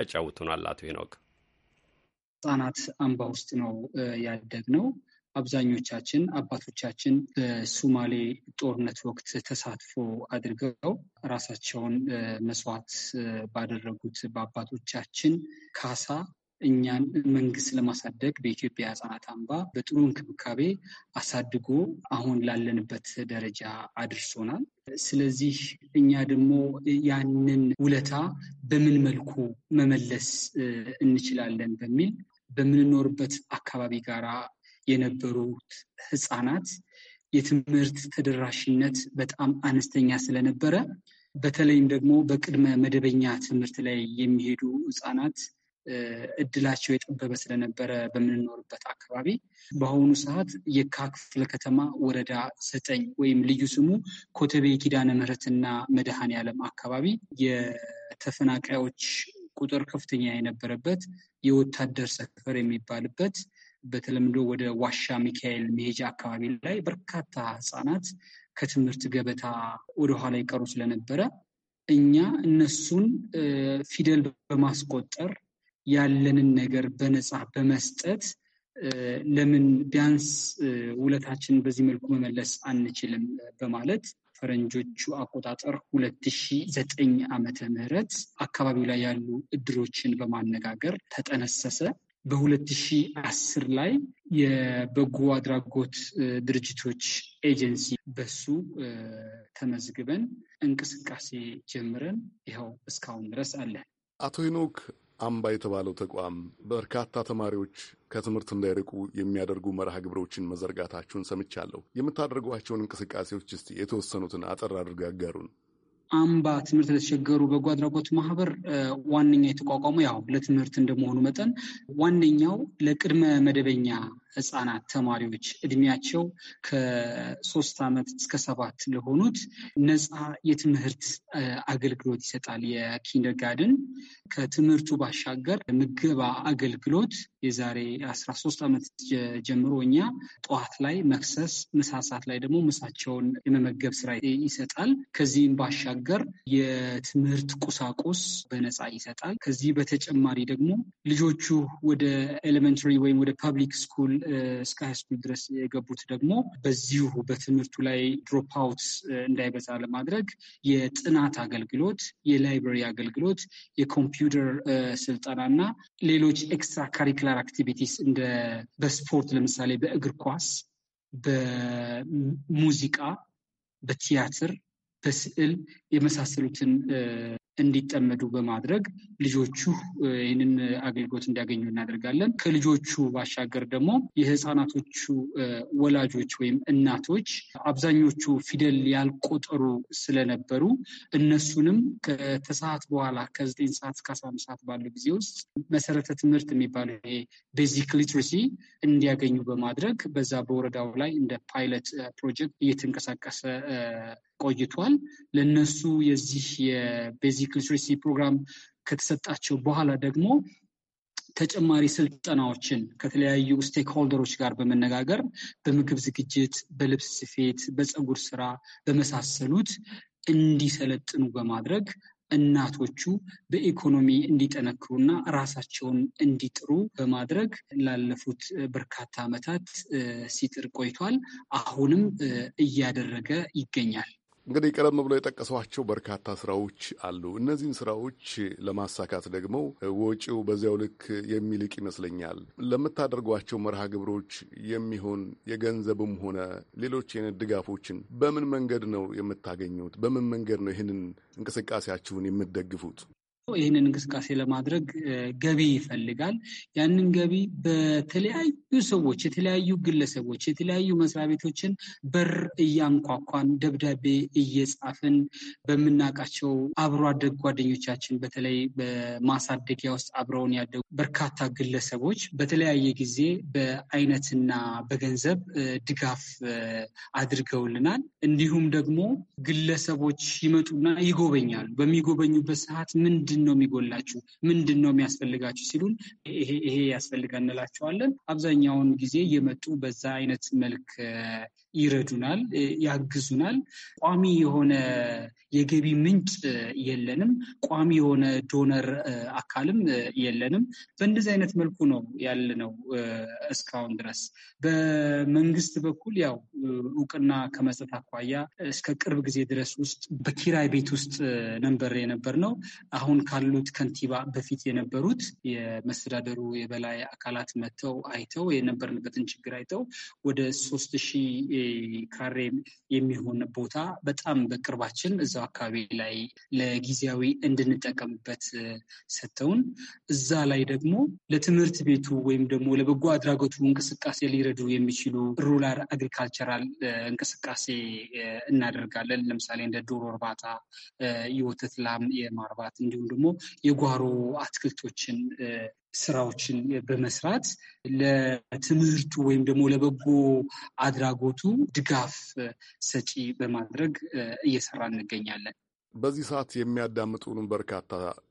ያጫውቱናል። አቶ ሄኖክ ህጻናት አምባ ውስጥ ነው ያደግ ነው። አብዛኞቻችን አባቶቻችን በሱማሌ ጦርነት ወቅት ተሳትፎ አድርገው ራሳቸውን መስዋዕት ባደረጉት በአባቶቻችን ካሳ እኛን መንግስት ለማሳደግ በኢትዮጵያ ህጻናት አምባ በጥሩ እንክብካቤ አሳድጎ አሁን ላለንበት ደረጃ አድርሶናል። ስለዚህ እኛ ደግሞ ያንን ውለታ በምን መልኩ መመለስ እንችላለን በሚል በምንኖርበት አካባቢ ጋር የነበሩት ህፃናት የትምህርት ተደራሽነት በጣም አነስተኛ ስለነበረ በተለይም ደግሞ በቅድመ መደበኛ ትምህርት ላይ የሚሄዱ ህፃናት እድላቸው የጠበበ ስለነበረ በምንኖርበት አካባቢ በአሁኑ ሰዓት የካ ክፍለ ከተማ ወረዳ ዘጠኝ ወይም ልዩ ስሙ ኮተቤ ኪዳነ ምህረትና መድኃኔ ዓለም አካባቢ የተፈናቃዮች ቁጥር ከፍተኛ የነበረበት የወታደር ሰፈር የሚባልበት በተለምዶ ወደ ዋሻ ሚካኤል መሄጃ አካባቢ ላይ በርካታ ህጻናት ከትምህርት ገበታ ወደኋላ ይቀሩ ስለነበረ እኛ እነሱን ፊደል በማስቆጠር ያለንን ነገር በነፃ በመስጠት ለምን ቢያንስ ውለታችን በዚህ መልኩ መመለስ አንችልም በማለት ፈረንጆቹ አቆጣጠር 209 ሺ ዓመተ ምህረት አካባቢው ላይ ያሉ እድሮችን በማነጋገር ተጠነሰሰ። በ2010 ላይ የበጎ አድራጎት ድርጅቶች ኤጀንሲ በሱ ተመዝግበን እንቅስቃሴ ጀምረን ይኸው እስካሁን ድረስ አለ። አቶ ሄኖክ አምባ የተባለው ተቋም በርካታ ተማሪዎች ከትምህርት እንዳይርቁ የሚያደርጉ መርሃ ግብሮችን መዘርጋታችሁን ሰምቻለሁ። የምታደርጓቸውን እንቅስቃሴዎች እስቲ የተወሰኑትን አጠር አድርገው ያጋሩን። አምባ ትምህርት ለተቸገሩ በጎ አድራጎት ማህበር ዋነኛ የተቋቋመው ያው ለትምህርት እንደመሆኑ መጠን ዋነኛው ለቅድመ መደበኛ ህጻናት ተማሪዎች እድሜያቸው ከሶስት ዓመት እስከ ሰባት ለሆኑት ነፃ የትምህርት አገልግሎት ይሰጣል። የኪንደር ከትምህርቱ ባሻገር ምገባ አገልግሎት የዛሬ አስራ ሶስት ዓመት ጀምሮ እኛ ጠዋት ላይ መክሰስ፣ ምሳ ሰዓት ላይ ደግሞ ምሳቸውን የመመገብ ስራ ይሰጣል። ከዚህም ባሻገር የትምህርት ቁሳቁስ በነፃ ይሰጣል። ከዚህ በተጨማሪ ደግሞ ልጆቹ ወደ ኤሌመንተሪ ወይም ወደ ፐብሊክ ስኩል እስከ ሃይስኩል ድረስ የገቡት ደግሞ በዚሁ በትምህርቱ ላይ ድሮፕ አውት እንዳይበዛ ለማድረግ የጥናት አገልግሎት፣ የላይብረሪ አገልግሎት፣ የኮምፒውተር ስልጠና እና ሌሎች ኤክስትራ ካሪኩላር አክቲቪቲስ እንደ በስፖርት ለምሳሌ በእግር ኳስ፣ በሙዚቃ፣ በቲያትር፣ በስዕል የመሳሰሉትን እንዲጠመዱ በማድረግ ልጆቹ ይህንን አገልግሎት እንዲያገኙ እናደርጋለን። ከልጆቹ ባሻገር ደግሞ የህፃናቶቹ ወላጆች ወይም እናቶች አብዛኞቹ ፊደል ያልቆጠሩ ስለነበሩ እነሱንም ከተሰዓት በኋላ ከዘጠኝ ሰዓት እስከ አስራ አንድ ሰዓት ባለው ጊዜ ውስጥ መሰረተ ትምህርት የሚባለው ቤዚክ ሊትሬሲ እንዲያገኙ በማድረግ በዛ በወረዳው ላይ እንደ ፓይለት ፕሮጀክት እየተንቀሳቀሰ ቆይቷል። ለነሱ የዚህ የቤዚክ ሊትሬሲ ፕሮግራም ከተሰጣቸው በኋላ ደግሞ ተጨማሪ ስልጠናዎችን ከተለያዩ ስቴክሆልደሮች ጋር በመነጋገር በምግብ ዝግጅት፣ በልብስ ስፌት፣ በፀጉር ስራ በመሳሰሉት እንዲሰለጥኑ በማድረግ እናቶቹ በኢኮኖሚ እንዲጠነክሩና ራሳቸውን እንዲጥሩ በማድረግ ላለፉት በርካታ ዓመታት ሲጥር ቆይቷል። አሁንም እያደረገ ይገኛል። እንግዲህ ቀደም ብሎ የጠቀሷቸው በርካታ ስራዎች አሉ። እነዚህን ስራዎች ለማሳካት ደግሞ ወጪው በዚያው ልክ የሚልቅ ይመስለኛል። ለምታደርጓቸው መርሃ ግብሮች የሚሆን የገንዘብም ሆነ ሌሎች አይነት ድጋፎችን በምን መንገድ ነው የምታገኙት? በምን መንገድ ነው ይህንን እንቅስቃሴያችሁን የምትደግፉት? ይህንን እንቅስቃሴ ለማድረግ ገቢ ይፈልጋል። ያንን ገቢ በተለያዩ ሰዎች፣ የተለያዩ ግለሰቦች፣ የተለያዩ መስሪያ ቤቶችን በር እያንኳኳን ደብዳቤ እየጻፍን በምናውቃቸው አብሮ አደግ ጓደኞቻችን በተለይ በማሳደጊያ ውስጥ አብረውን ያደጉ በርካታ ግለሰቦች በተለያየ ጊዜ በአይነትና በገንዘብ ድጋፍ አድርገውልናል። እንዲሁም ደግሞ ግለሰቦች ይመጡና ይጎበኛሉ። በሚጎበኙበት ሰዓት ምንድን ምንድን ነው የሚጎላችሁ፣ ምንድን ነው የሚያስፈልጋችሁ ሲሉን ይሄ ያስፈልጋል እንላቸዋለን። አብዛኛውን ጊዜ እየመጡ በዛ አይነት መልክ ይረዱናል፣ ያግዙናል። ቋሚ የሆነ የገቢ ምንጭ የለንም፣ ቋሚ የሆነ ዶነር አካልም የለንም። በእንደዚህ አይነት መልኩ ነው ያለነው እስካሁን ድረስ። በመንግስት በኩል ያው እውቅና ከመስጠት አኳያ እስከ ቅርብ ጊዜ ድረስ ውስጥ በኪራይ ቤት ውስጥ ነንበር የነበር ነው። አሁን ካሉት ከንቲባ በፊት የነበሩት የመስተዳደሩ የበላይ አካላት መጥተው አይተው የነበርንበትን ችግር አይተው ወደ ሶስት ሺህ ካሬ የሚሆን ቦታ በጣም በቅርባችን እዛ እዛው አካባቢ ላይ ለጊዜያዊ እንድንጠቀምበት ሰጥተውን እዛ ላይ ደግሞ ለትምህርት ቤቱ ወይም ደግሞ ለበጎ አድራጎቱ እንቅስቃሴ ሊረዱ የሚችሉ ሩራል አግሪካልቸራል እንቅስቃሴ እናደርጋለን። ለምሳሌ እንደ ዶሮ እርባታ፣ የወተት ላም የማርባት እንዲሁም ደግሞ የጓሮ አትክልቶችን ስራዎችን በመስራት ለትምህርቱ ወይም ደግሞ ለበጎ አድራጎቱ ድጋፍ ሰጪ በማድረግ እየሰራ እንገኛለን። በዚህ ሰዓት የሚያዳምጡን በርካታ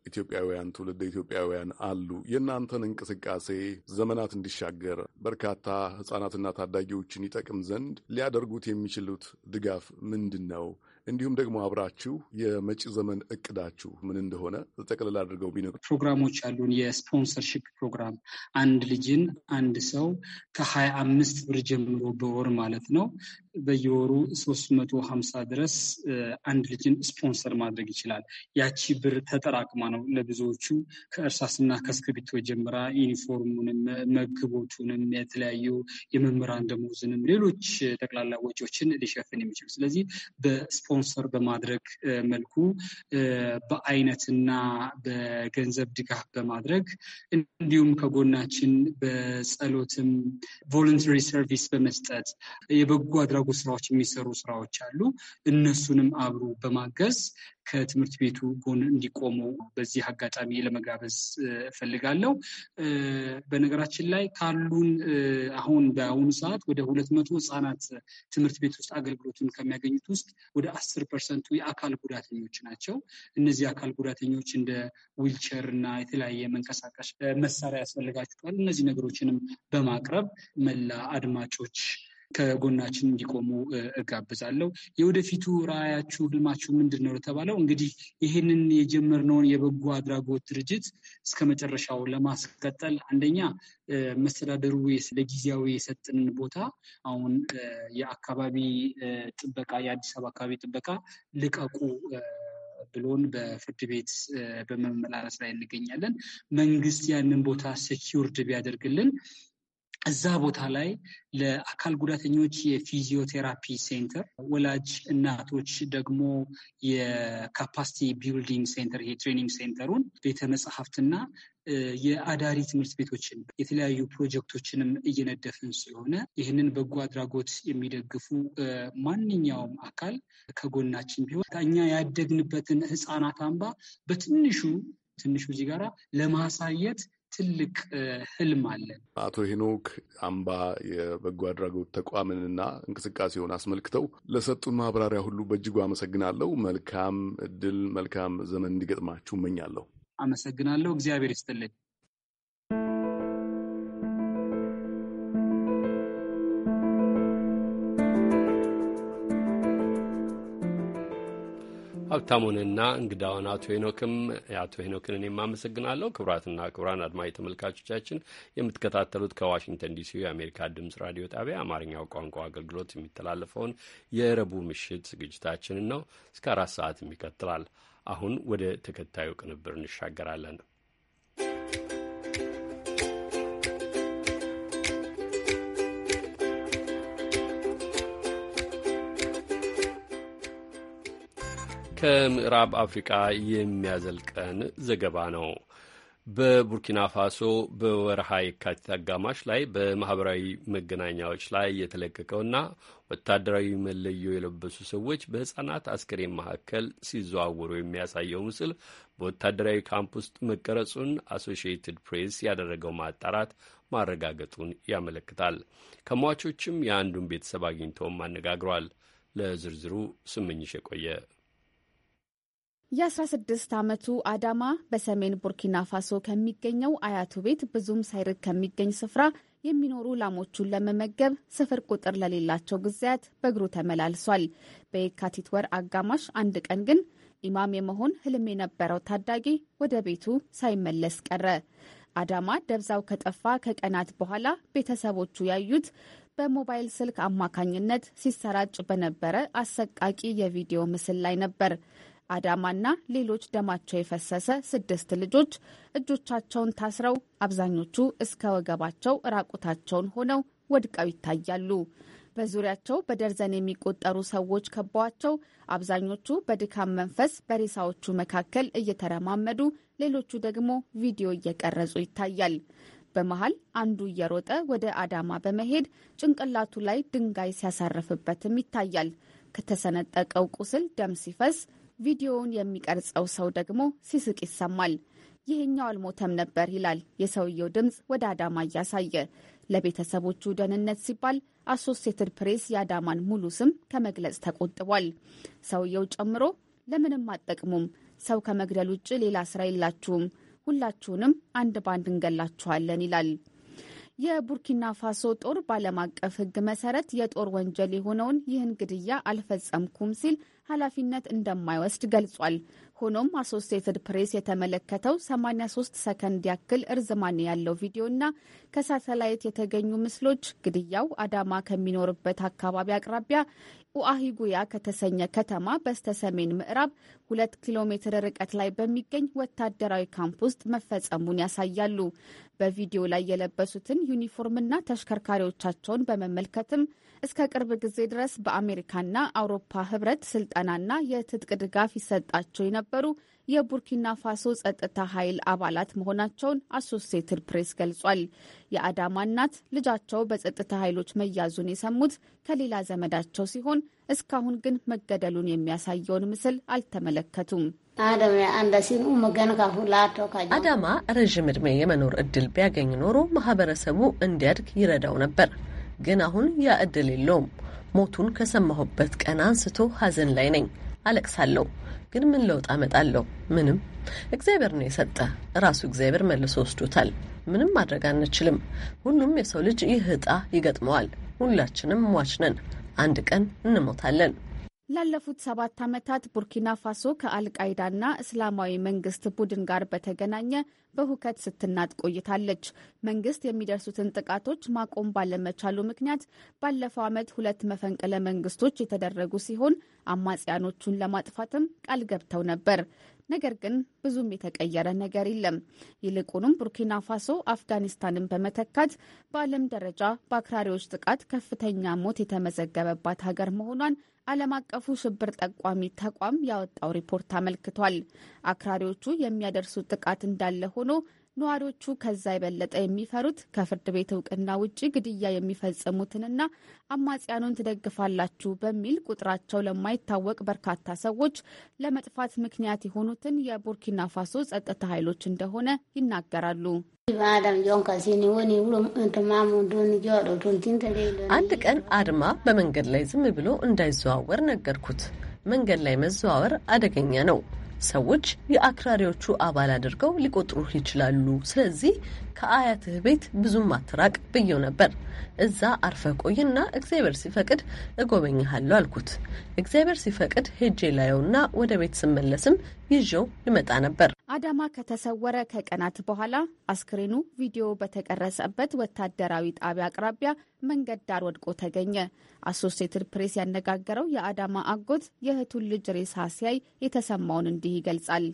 ኢትዮጵያውያን ትውልድ ኢትዮጵያውያን አሉ። የእናንተን እንቅስቃሴ ዘመናት እንዲሻገር በርካታ ሕጻናትና ታዳጊዎችን ይጠቅም ዘንድ ሊያደርጉት የሚችሉት ድጋፍ ምንድን ነው? እንዲሁም ደግሞ አብራችሁ የመጪ ዘመን እቅዳችሁ ምን እንደሆነ ጠቅልል አድርገው ቢነግሩ። ፕሮግራሞች ያሉን የስፖንሰርሽፕ ፕሮግራም አንድ ልጅን አንድ ሰው ከሀያ አምስት ብር ጀምሮ በወር ማለት ነው በየወሩ 350 ድረስ አንድ ልጅን ስፖንሰር ማድረግ ይችላል። ያቺ ብር ተጠራቅማ ነው ለብዙዎቹ ከእርሳስና ከእስክሪብቶ ጀምራ ዩኒፎርሙንም፣ መግቦቱንም፣ የተለያዩ የመምህራን ደሞዝንም፣ ሌሎች ጠቅላላ ወጪዎችን ሊሸፍን የሚችል ስለዚህ በስፖንሰር በማድረግ መልኩ በአይነትና በገንዘብ ድጋፍ በማድረግ እንዲሁም ከጎናችን በጸሎትም ቮለንተሪ ሰርቪስ በመስጠት የበጎ አድራ የሚደረጉ ስራዎች የሚሰሩ ስራዎች አሉ። እነሱንም አብሮ በማገዝ ከትምህርት ቤቱ ጎን እንዲቆሙ በዚህ አጋጣሚ ለመጋበዝ እፈልጋለሁ። በነገራችን ላይ ካሉን አሁን በአሁኑ ሰዓት ወደ ሁለት መቶ ህጻናት ትምህርት ቤት ውስጥ አገልግሎቱን ከሚያገኙት ውስጥ ወደ አስር ፐርሰንቱ የአካል ጉዳተኞች ናቸው። እነዚህ አካል ጉዳተኞች እንደ ዊልቸር እና የተለያየ መንቀሳቀስ መሳሪያ ያስፈልጋቸዋል። እነዚህ ነገሮችንም በማቅረብ መላ አድማጮች ከጎናችን እንዲቆሙ እጋብዛለሁ። የወደፊቱ ራዕያችሁ፣ ህልማችሁ ምንድን ነው ለተባለው እንግዲህ ይህንን የጀመርነውን የበጎ አድራጎት ድርጅት እስከ መጨረሻው ለማስቀጠል አንደኛ መስተዳደሩ ለጊዜያዊ የሰጥንን ቦታ አሁን የአካባቢ ጥበቃ የአዲስ አበባ አካባቢ ጥበቃ ልቀቁ ብሎን በፍርድ ቤት በመመላለስ ላይ እንገኛለን። መንግስት ያንን ቦታ ሴኪውርድ ቢያደርግልን እዛ ቦታ ላይ ለአካል ጉዳተኞች የፊዚዮቴራፒ ሴንተር፣ ወላጅ እናቶች ደግሞ የካፓሲቲ ቢልዲንግ ሴንተር ትሬኒንግ ሴንተሩን፣ ቤተ መጽሐፍትና የአዳሪ ትምህርት ቤቶችን የተለያዩ ፕሮጀክቶችንም እየነደፍን ስለሆነ ይህንን በጎ አድራጎት የሚደግፉ ማንኛውም አካል ከጎናችን ቢሆን እኛ ያደግንበትን ህፃናት አምባ በትንሹ ትንሹ እዚህ ጋራ ለማሳየት ትልቅ ህልም አለን። አቶ ሄኖክ አምባ የበጎ አድራጎት ተቋምንና እንቅስቃሴውን አስመልክተው ለሰጡን ማብራሪያ ሁሉ በእጅጉ አመሰግናለሁ። መልካም እድል፣ መልካም ዘመን እንዲገጥማችሁ እመኛለሁ። አመሰግናለሁ። እግዚአብሔር ይስጥልኝ። ሀብታሙንና እንግዳውን አቶ ሄኖክም አቶ ሄኖክን እኔም አመሰግናለሁ። ክቡራትና ክቡራን አድማጭ ተመልካቾቻችን የምትከታተሉት ከዋሽንግተን ዲሲ የአሜሪካ ድምጽ ራዲዮ ጣቢያ አማርኛው ቋንቋ አገልግሎት የሚተላለፈውን የረቡ ምሽት ዝግጅታችንን ነው። እስከ አራት ሰዓት ይቀጥላል። አሁን ወደ ተከታዩ ቅንብር እንሻገራለን። ከምዕራብ አፍሪቃ የሚያዘልቀን ዘገባ ነው። በቡርኪና ፋሶ በወርሃ የካቲት አጋማሽ ላይ በማህበራዊ መገናኛዎች ላይ የተለቀቀውና ወታደራዊ መለዮ የለበሱ ሰዎች በህጻናት አስከሬን መካከል ሲዘዋወሩ የሚያሳየው ምስል በወታደራዊ ካምፕ ውስጥ መቀረጹን አሶሺየትድ ፕሬስ ያደረገው ማጣራት ማረጋገጡን ያመለክታል። ከሟቾችም የአንዱን ቤተሰብ አግኝተውም አነጋግሯል። ለዝርዝሩ ስምኝሽ የቆየ የ16 ዓመቱ አዳማ በሰሜን ቡርኪና ፋሶ ከሚገኘው አያቱ ቤት ብዙም ሳይርቅ ከሚገኝ ስፍራ የሚኖሩ ላሞቹን ለመመገብ ስፍር ቁጥር ለሌላቸው ጊዜያት በእግሩ ተመላልሷል። በየካቲት ወር አጋማሽ አንድ ቀን ግን ኢማም የመሆን ህልም የነበረው ታዳጊ ወደ ቤቱ ሳይመለስ ቀረ። አዳማ ደብዛው ከጠፋ ከቀናት በኋላ ቤተሰቦቹ ያዩት በሞባይል ስልክ አማካኝነት ሲሰራጭ በነበረ አሰቃቂ የቪዲዮ ምስል ላይ ነበር። አዳማና ሌሎች ደማቸው የፈሰሰ ስድስት ልጆች እጆቻቸውን ታስረው አብዛኞቹ እስከ ወገባቸው ራቁታቸውን ሆነው ወድቀው ይታያሉ። በዙሪያቸው በደርዘን የሚቆጠሩ ሰዎች ከበዋቸው፣ አብዛኞቹ በድካም መንፈስ በሬሳዎቹ መካከል እየተረማመዱ፣ ሌሎቹ ደግሞ ቪዲዮ እየቀረጹ ይታያል። በመሀል አንዱ እየሮጠ ወደ አዳማ በመሄድ ጭንቅላቱ ላይ ድንጋይ ሲያሳርፍበትም ይታያል። ከተሰነጠቀው ቁስል ደም ሲፈስ ቪዲዮውን የሚቀርጸው ሰው ደግሞ ሲስቅ ይሰማል። ይህኛው አልሞተም ነበር ይላል የሰውየው ድምፅ ወደ አዳማ እያሳየ። ለቤተሰቦቹ ደህንነት ሲባል አሶሴትድ ፕሬስ የአዳማን ሙሉ ስም ከመግለጽ ተቆጥቧል። ሰውየው ጨምሮ ለምንም አጠቅሙም፣ ሰው ከመግደል ውጭ ሌላ ስራ የላችሁም፣ ሁላችሁንም አንድ ባንድ እንገላችኋለን ይላል። የቡርኪና ፋሶ ጦር በዓለም አቀፍ ሕግ መሰረት የጦር ወንጀል የሆነውን ይህን ግድያ አልፈጸምኩም ሲል ኃላፊነት እንደማይወስድ ገልጿል። ሆኖም አሶሲየትድ ፕሬስ የተመለከተው 83 ሰከንድ ያክል እርዝማኔ ያለው ቪዲዮና ከሳተላይት የተገኙ ምስሎች ግድያው አዳማ ከሚኖርበት አካባቢ አቅራቢያ ኡአሂጉያ ከተሰኘ ከተማ በስተ ሰሜን ምዕራብ ሁለት ኪሎ ሜትር ርቀት ላይ በሚገኝ ወታደራዊ ካምፕ ውስጥ መፈጸሙን ያሳያሉ። በቪዲዮ ላይ የለበሱትን ዩኒፎርምና ተሽከርካሪዎቻቸውን በመመልከትም እስከ ቅርብ ጊዜ ድረስ በአሜሪካና አውሮፓ ህብረት ስልጠናና የትጥቅ ድጋፍ ይሰጣቸው የነበሩ የቡርኪና ፋሶ ጸጥታ ኃይል አባላት መሆናቸውን አሶሲየትድ ፕሬስ ገልጿል። የአዳማ እናት ልጃቸው በጸጥታ ኃይሎች መያዙን የሰሙት ከሌላ ዘመዳቸው ሲሆን እስካሁን ግን መገደሉን የሚያሳየውን ምስል አልተመለከቱም። አዳማ ረዥም ዕድሜ የመኖር እድል ቢያገኝ ኖሮ ማህበረሰቡ እንዲያድግ ይረዳው ነበር። ግን አሁን ያ እድል የለውም። ሞቱን ከሰማሁበት ቀን አንስቶ ሀዘን ላይ ነኝ። አለቅሳለሁ። ግን ምን ለውጥ አመጣለሁ? ምንም። እግዚአብሔር ነው የሰጠ፣ ራሱ እግዚአብሔር መልሶ ወስዶታል። ምንም ማድረግ አንችልም። ሁሉም የሰው ልጅ ይህ ህጣ ይገጥመዋል። ሁላችንም ሟች ነን። አንድ ቀን እንሞታለን። ላለፉት ሰባት ዓመታት ቡርኪና ፋሶ ከአልቃይዳና እስላማዊ መንግስት ቡድን ጋር በተገናኘ በሁከት ስትናጥ ቆይታለች። መንግስት የሚደርሱትን ጥቃቶች ማቆም ባለመቻሉ ምክንያት ባለፈው ዓመት ሁለት መፈንቅለ መንግስቶች የተደረጉ ሲሆን አማጽያኖቹን ለማጥፋትም ቃል ገብተው ነበር። ነገር ግን ብዙም የተቀየረ ነገር የለም። ይልቁንም ቡርኪና ፋሶ አፍጋኒስታንን በመተካት በዓለም ደረጃ በአክራሪዎች ጥቃት ከፍተኛ ሞት የተመዘገበባት ሀገር መሆኗን ዓለም አቀፉ ሽብር ጠቋሚ ተቋም ያወጣው ሪፖርት አመልክቷል። አክራሪዎቹ የሚያደርሱት ጥቃት እንዳለ ሆኖ ነዋሪዎቹ ከዛ የበለጠ የሚፈሩት ከፍርድ ቤት እውቅና ውጭ ግድያ የሚፈጽሙትንና አማጽያኑን ትደግፋላችሁ በሚል ቁጥራቸው ለማይታወቅ በርካታ ሰዎች ለመጥፋት ምክንያት የሆኑትን የቡርኪና ፋሶ ጸጥታ ኃይሎች እንደሆነ ይናገራሉ። አንድ ቀን አድማ በመንገድ ላይ ዝም ብሎ እንዳይዘዋወር ነገርኩት። መንገድ ላይ መዘዋወር አደገኛ ነው። ሰዎች የአክራሪዎቹ አባል አድርገው ሊቆጥሩህ ይችላሉ። ስለዚህ ከአያትህ ቤት ብዙም አትራቅ ብየው ነበር። እዛ አርፈ ቆይና እግዚአብሔር ሲፈቅድ እጎበኝሃለሁ አልኩት። እግዚአብሔር ሲፈቅድ ሄጄ ላየውና ወደ ቤት ስመለስም ይዤው ይመጣ ነበር። አዳማ ከተሰወረ ከቀናት በኋላ አስክሬኑ ቪዲዮ በተቀረጸበት ወታደራዊ ጣቢያ አቅራቢያ መንገድ ዳር ወድቆ ተገኘ። አሶሴትድ ፕሬስ ያነጋገረው የአዳማ አጎት የእህቱን ልጅ ሬሳ ሲያይ የተሰማውን እንዲህ ይገልጻል።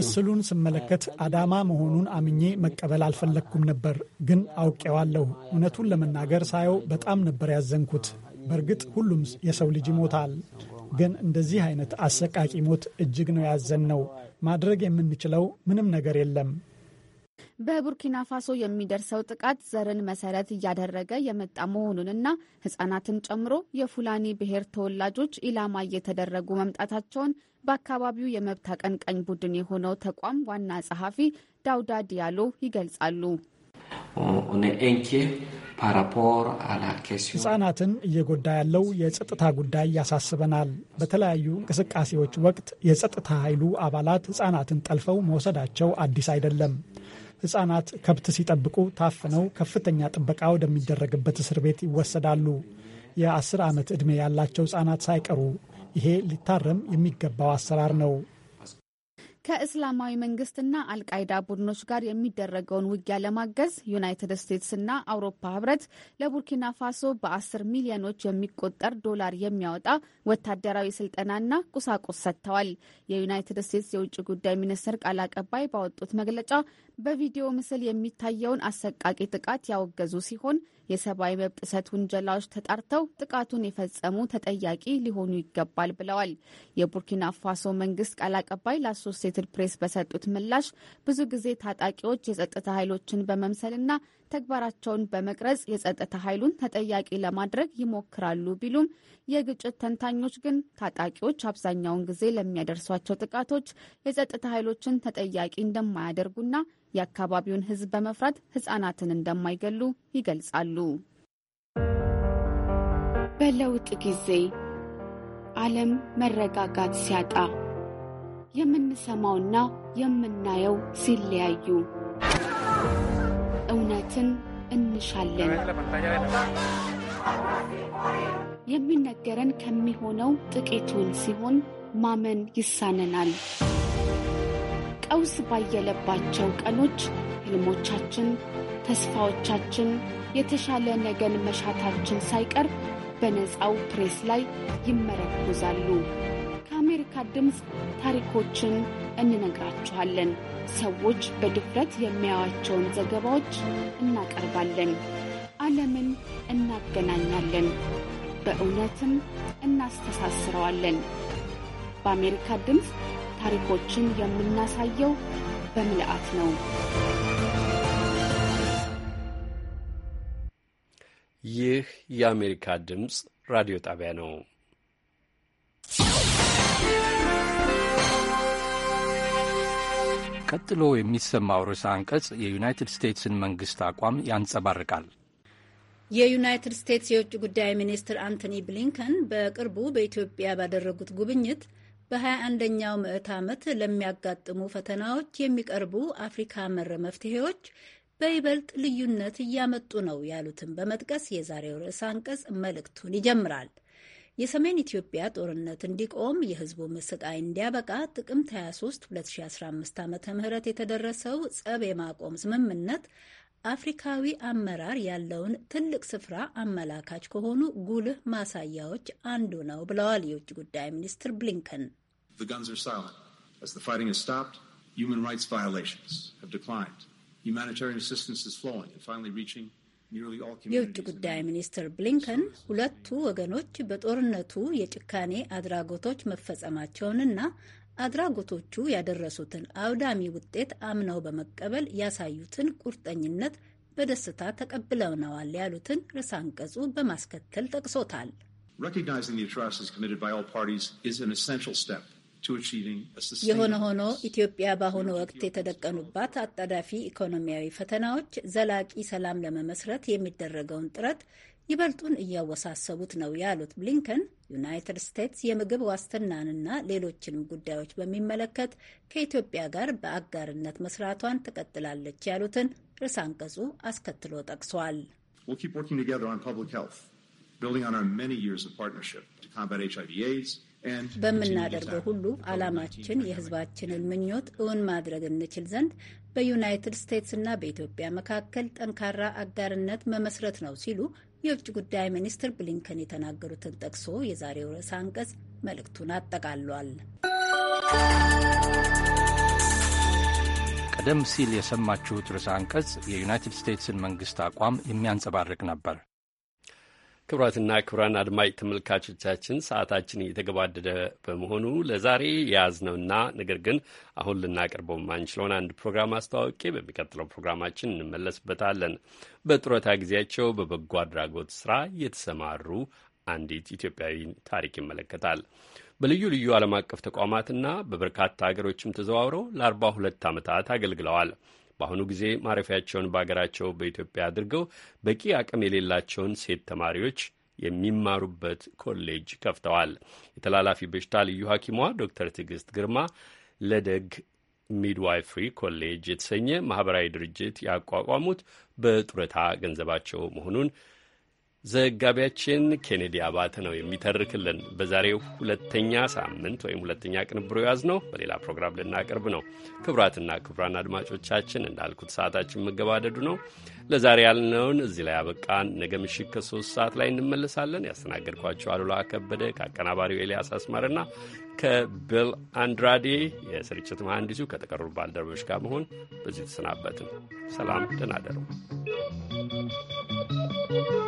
ምስሉን ስመለከት አዳማ መሆኑን አምኜ መቀበል አልፈለግኩም ነበር፣ ግን አውቄዋለሁ። እውነቱን ለመናገር ሳየው በጣም ነበር ያዘንኩት። በእርግጥ ሁሉም የሰው ልጅ ይሞታል፣ ግን እንደዚህ አይነት አሰቃቂ ሞት እጅግ ነው ያዘን ነው። ማድረግ የምንችለው ምንም ነገር የለም። በቡርኪና ፋሶ የሚደርሰው ጥቃት ዘርን መሰረት እያደረገ የመጣ መሆኑንና ህጻናትን ጨምሮ የፉላኒ ብሔር ተወላጆች ኢላማ እየተደረጉ መምጣታቸውን በአካባቢው የመብት አቀንቃኝ ቡድን የሆነው ተቋም ዋና ጸሐፊ ዳውዳ ዲያሎ ይገልጻሉ። ህጻናትን እየጎዳ ያለው የጸጥታ ጉዳይ ያሳስበናል። በተለያዩ እንቅስቃሴዎች ወቅት የጸጥታ ኃይሉ አባላት ህጻናትን ጠልፈው መውሰዳቸው አዲስ አይደለም። ህጻናት ከብት ሲጠብቁ ታፍነው ከፍተኛ ጥበቃ ወደሚደረግበት እስር ቤት ይወሰዳሉ። የአስር ዓመት ዕድሜ ያላቸው ህጻናት ሳይቀሩ ይሄ ሊታረም የሚገባው አሰራር ነው። ከእስላማዊ መንግስትና አልቃይዳ ቡድኖች ጋር የሚደረገውን ውጊያ ለማገዝ ዩናይትድ ስቴትስና አውሮፓ ህብረት ለቡርኪና ፋሶ በአስር ሚሊዮኖች የሚቆጠር ዶላር የሚያወጣ ወታደራዊ ስልጠናና ቁሳቁስ ሰጥተዋል። የዩናይትድ ስቴትስ የውጭ ጉዳይ ሚኒስትር ቃል አቀባይ ባወጡት መግለጫ በቪዲዮ ምስል የሚታየውን አሰቃቂ ጥቃት ያወገዙ ሲሆን የሰብአዊ መብት ጥሰት ውንጀላዎች ተጣርተው ጥቃቱን የፈጸሙ ተጠያቂ ሊሆኑ ይገባል ብለዋል። የቡርኪና ፋሶ መንግስት ቃል አቀባይ ለአሶሴትድ ፕሬስ በሰጡት ምላሽ ብዙ ጊዜ ታጣቂዎች የጸጥታ ኃይሎችን በመምሰልና ተግባራቸውን በመቅረጽ የጸጥታ ኃይሉን ተጠያቂ ለማድረግ ይሞክራሉ ቢሉም የግጭት ተንታኞች ግን ታጣቂዎች አብዛኛውን ጊዜ ለሚያደርሷቸው ጥቃቶች የጸጥታ ኃይሎችን ተጠያቂ እንደማያደርጉና የአካባቢውን ሕዝብ በመፍራት ሕጻናትን እንደማይገሉ ይገልጻሉ። በለውጥ ጊዜ ዓለም መረጋጋት ሲያጣ የምንሰማውና የምናየው ሲለያዩ እውነትን እንሻለን። የሚነገረን ከሚሆነው ጥቂቱን ሲሆን ማመን ይሳነናል። ቀውስ ባየለባቸው ቀኖች ህልሞቻችን፣ ተስፋዎቻችን፣ የተሻለ ነገን መሻታችን ሳይቀር በነፃው ፕሬስ ላይ ይመረኮዛሉ። ከአሜሪካ ድምፅ ታሪኮችን እንነግራችኋለን። ሰዎች በድፍረት የሚያያቸውን ዘገባዎች እናቀርባለን። ዓለምን እናገናኛለን፣ በእውነትም እናስተሳስረዋለን። በአሜሪካ ድምፅ ታሪኮችን የምናሳየው በምልአት ነው። ይህ የአሜሪካ ድምፅ ራዲዮ ጣቢያ ነው። ቀጥሎ የሚሰማው ርዕሰ አንቀጽ የዩናይትድ ስቴትስን መንግስት አቋም ያንጸባርቃል። የዩናይትድ ስቴትስ የውጭ ጉዳይ ሚኒስትር አንቶኒ ብሊንከን በቅርቡ በኢትዮጵያ ባደረጉት ጉብኝት በ21ኛው ምዕት ዓመት ለሚያጋጥሙ ፈተናዎች የሚቀርቡ አፍሪካ መር መፍትሄዎች በይበልጥ ልዩነት እያመጡ ነው ያሉትን በመጥቀስ የዛሬው ርዕሰ አንቀጽ መልእክቱን ይጀምራል። የሰሜን ኢትዮጵያ ጦርነት እንዲቆም የህዝቡ ምስቃይ እንዲያበቃ ጥቅምት 23 2015 ዓ ም የተደረሰው ጸብ የማቆም ስምምነት አፍሪካዊ አመራር ያለውን ትልቅ ስፍራ አመላካች ከሆኑ ጉልህ ማሳያዎች አንዱ ነው ብለዋል የውጭ ጉዳይ ሚኒስትር ብሊንከን። የውጭ ጉዳይ ሚኒስትር ብሊንከን ሁለቱ ወገኖች በጦርነቱ የጭካኔ አድራጎቶች መፈጸማቸውንና አድራጎቶቹ ያደረሱትን አውዳሚ ውጤት አምነው በመቀበል ያሳዩትን ቁርጠኝነት በደስታ ተቀብለውነዋል ያሉትን ርዕሰ አንቀጹ በማስከተል ጠቅሶታል። የሆነ ሆኖ ኢትዮጵያ በአሁኑ ወቅት የተደቀኑባት አጣዳፊ ኢኮኖሚያዊ ፈተናዎች ዘላቂ ሰላም ለመመስረት የሚደረገውን ጥረት ይበልጡን እያወሳሰቡት ነው ያሉት ብሊንከን ዩናይትድ ስቴትስ የምግብ ዋስትናንና ሌሎችንም ጉዳዮች በሚመለከት ከኢትዮጵያ ጋር በአጋርነት መስራቷን ትቀጥላለች ያሉትን ርዕሰ አንቀጹ አስከትሎ ጠቅሷል። በምናደርገው ሁሉ ዓላማችን የሕዝባችንን ምኞት እውን ማድረግ እንችል ዘንድ በዩናይትድ ና በኢትዮጵያ መካከል ጠንካራ አጋርነት መመስረት ነው ሲሉ የውጭ ጉዳይ ሚኒስትር ብሊንከን የተናገሩትን ጠቅሶ የዛሬው ርዕሰ አንቀጽ መልእክቱን አጠቃሏል። ቀደም ሲል የሰማችሁት ርዕሰ አንቀጽ የዩናይትድ ስቴትስን መንግሥት አቋም የሚያንጸባርቅ ነበር። ክቡራትና ክቡራን አድማጭ ተመልካቾቻችን ሰዓታችን እየተገባደደ በመሆኑ ለዛሬ የያዝነውና ነገር ግን አሁን ልናቀርበው የማንችለውን አንድ ፕሮግራም አስተዋወቄ በሚቀጥለው ፕሮግራማችን እንመለስበታለን። በጡረታ ጊዜያቸው በበጎ አድራጎት ስራ የተሰማሩ አንዲት ኢትዮጵያዊ ታሪክ ይመለከታል። በልዩ ልዩ ዓለም አቀፍ ተቋማትና በበርካታ ሀገሮችም ተዘዋውረው ለአርባ ሁለት ዓመታት አገልግለዋል። በአሁኑ ጊዜ ማረፊያቸውን በአገራቸው በኢትዮጵያ አድርገው በቂ አቅም የሌላቸውን ሴት ተማሪዎች የሚማሩበት ኮሌጅ ከፍተዋል። የተላላፊ በሽታ ልዩ ሐኪሟ ዶክተር ትዕግስት ግርማ ለደግ ሚድዋይፍሪ ኮሌጅ የተሰኘ ማህበራዊ ድርጅት ያቋቋሙት በጡረታ ገንዘባቸው መሆኑን ዘጋቢያችን ኬኔዲ አባተ ነው የሚተርክልን። በዛሬው ሁለተኛ ሳምንት ወይም ሁለተኛ ቅንብሮ የያዝ ነው በሌላ ፕሮግራም ልናቀርብ ነው። ክቡራትና ክቡራን አድማጮቻችን እንዳልኩት ሰዓታችን መገባደዱ ነው። ለዛሬ ያልነውን እዚህ ላይ አበቃን። ነገ ምሽት ከሶስት ሰዓት ላይ እንመለሳለን። ያስተናገድኳቸው አሉላ ከበደ ከአቀናባሪው ኤልያስ አስማርና ከቢል አንድራዴ የስርጭት መሐንዲሱ ከተቀሩ ባልደረቦች ጋር መሆን በዚህ ተሰናበትን። ሰላም ደህና you.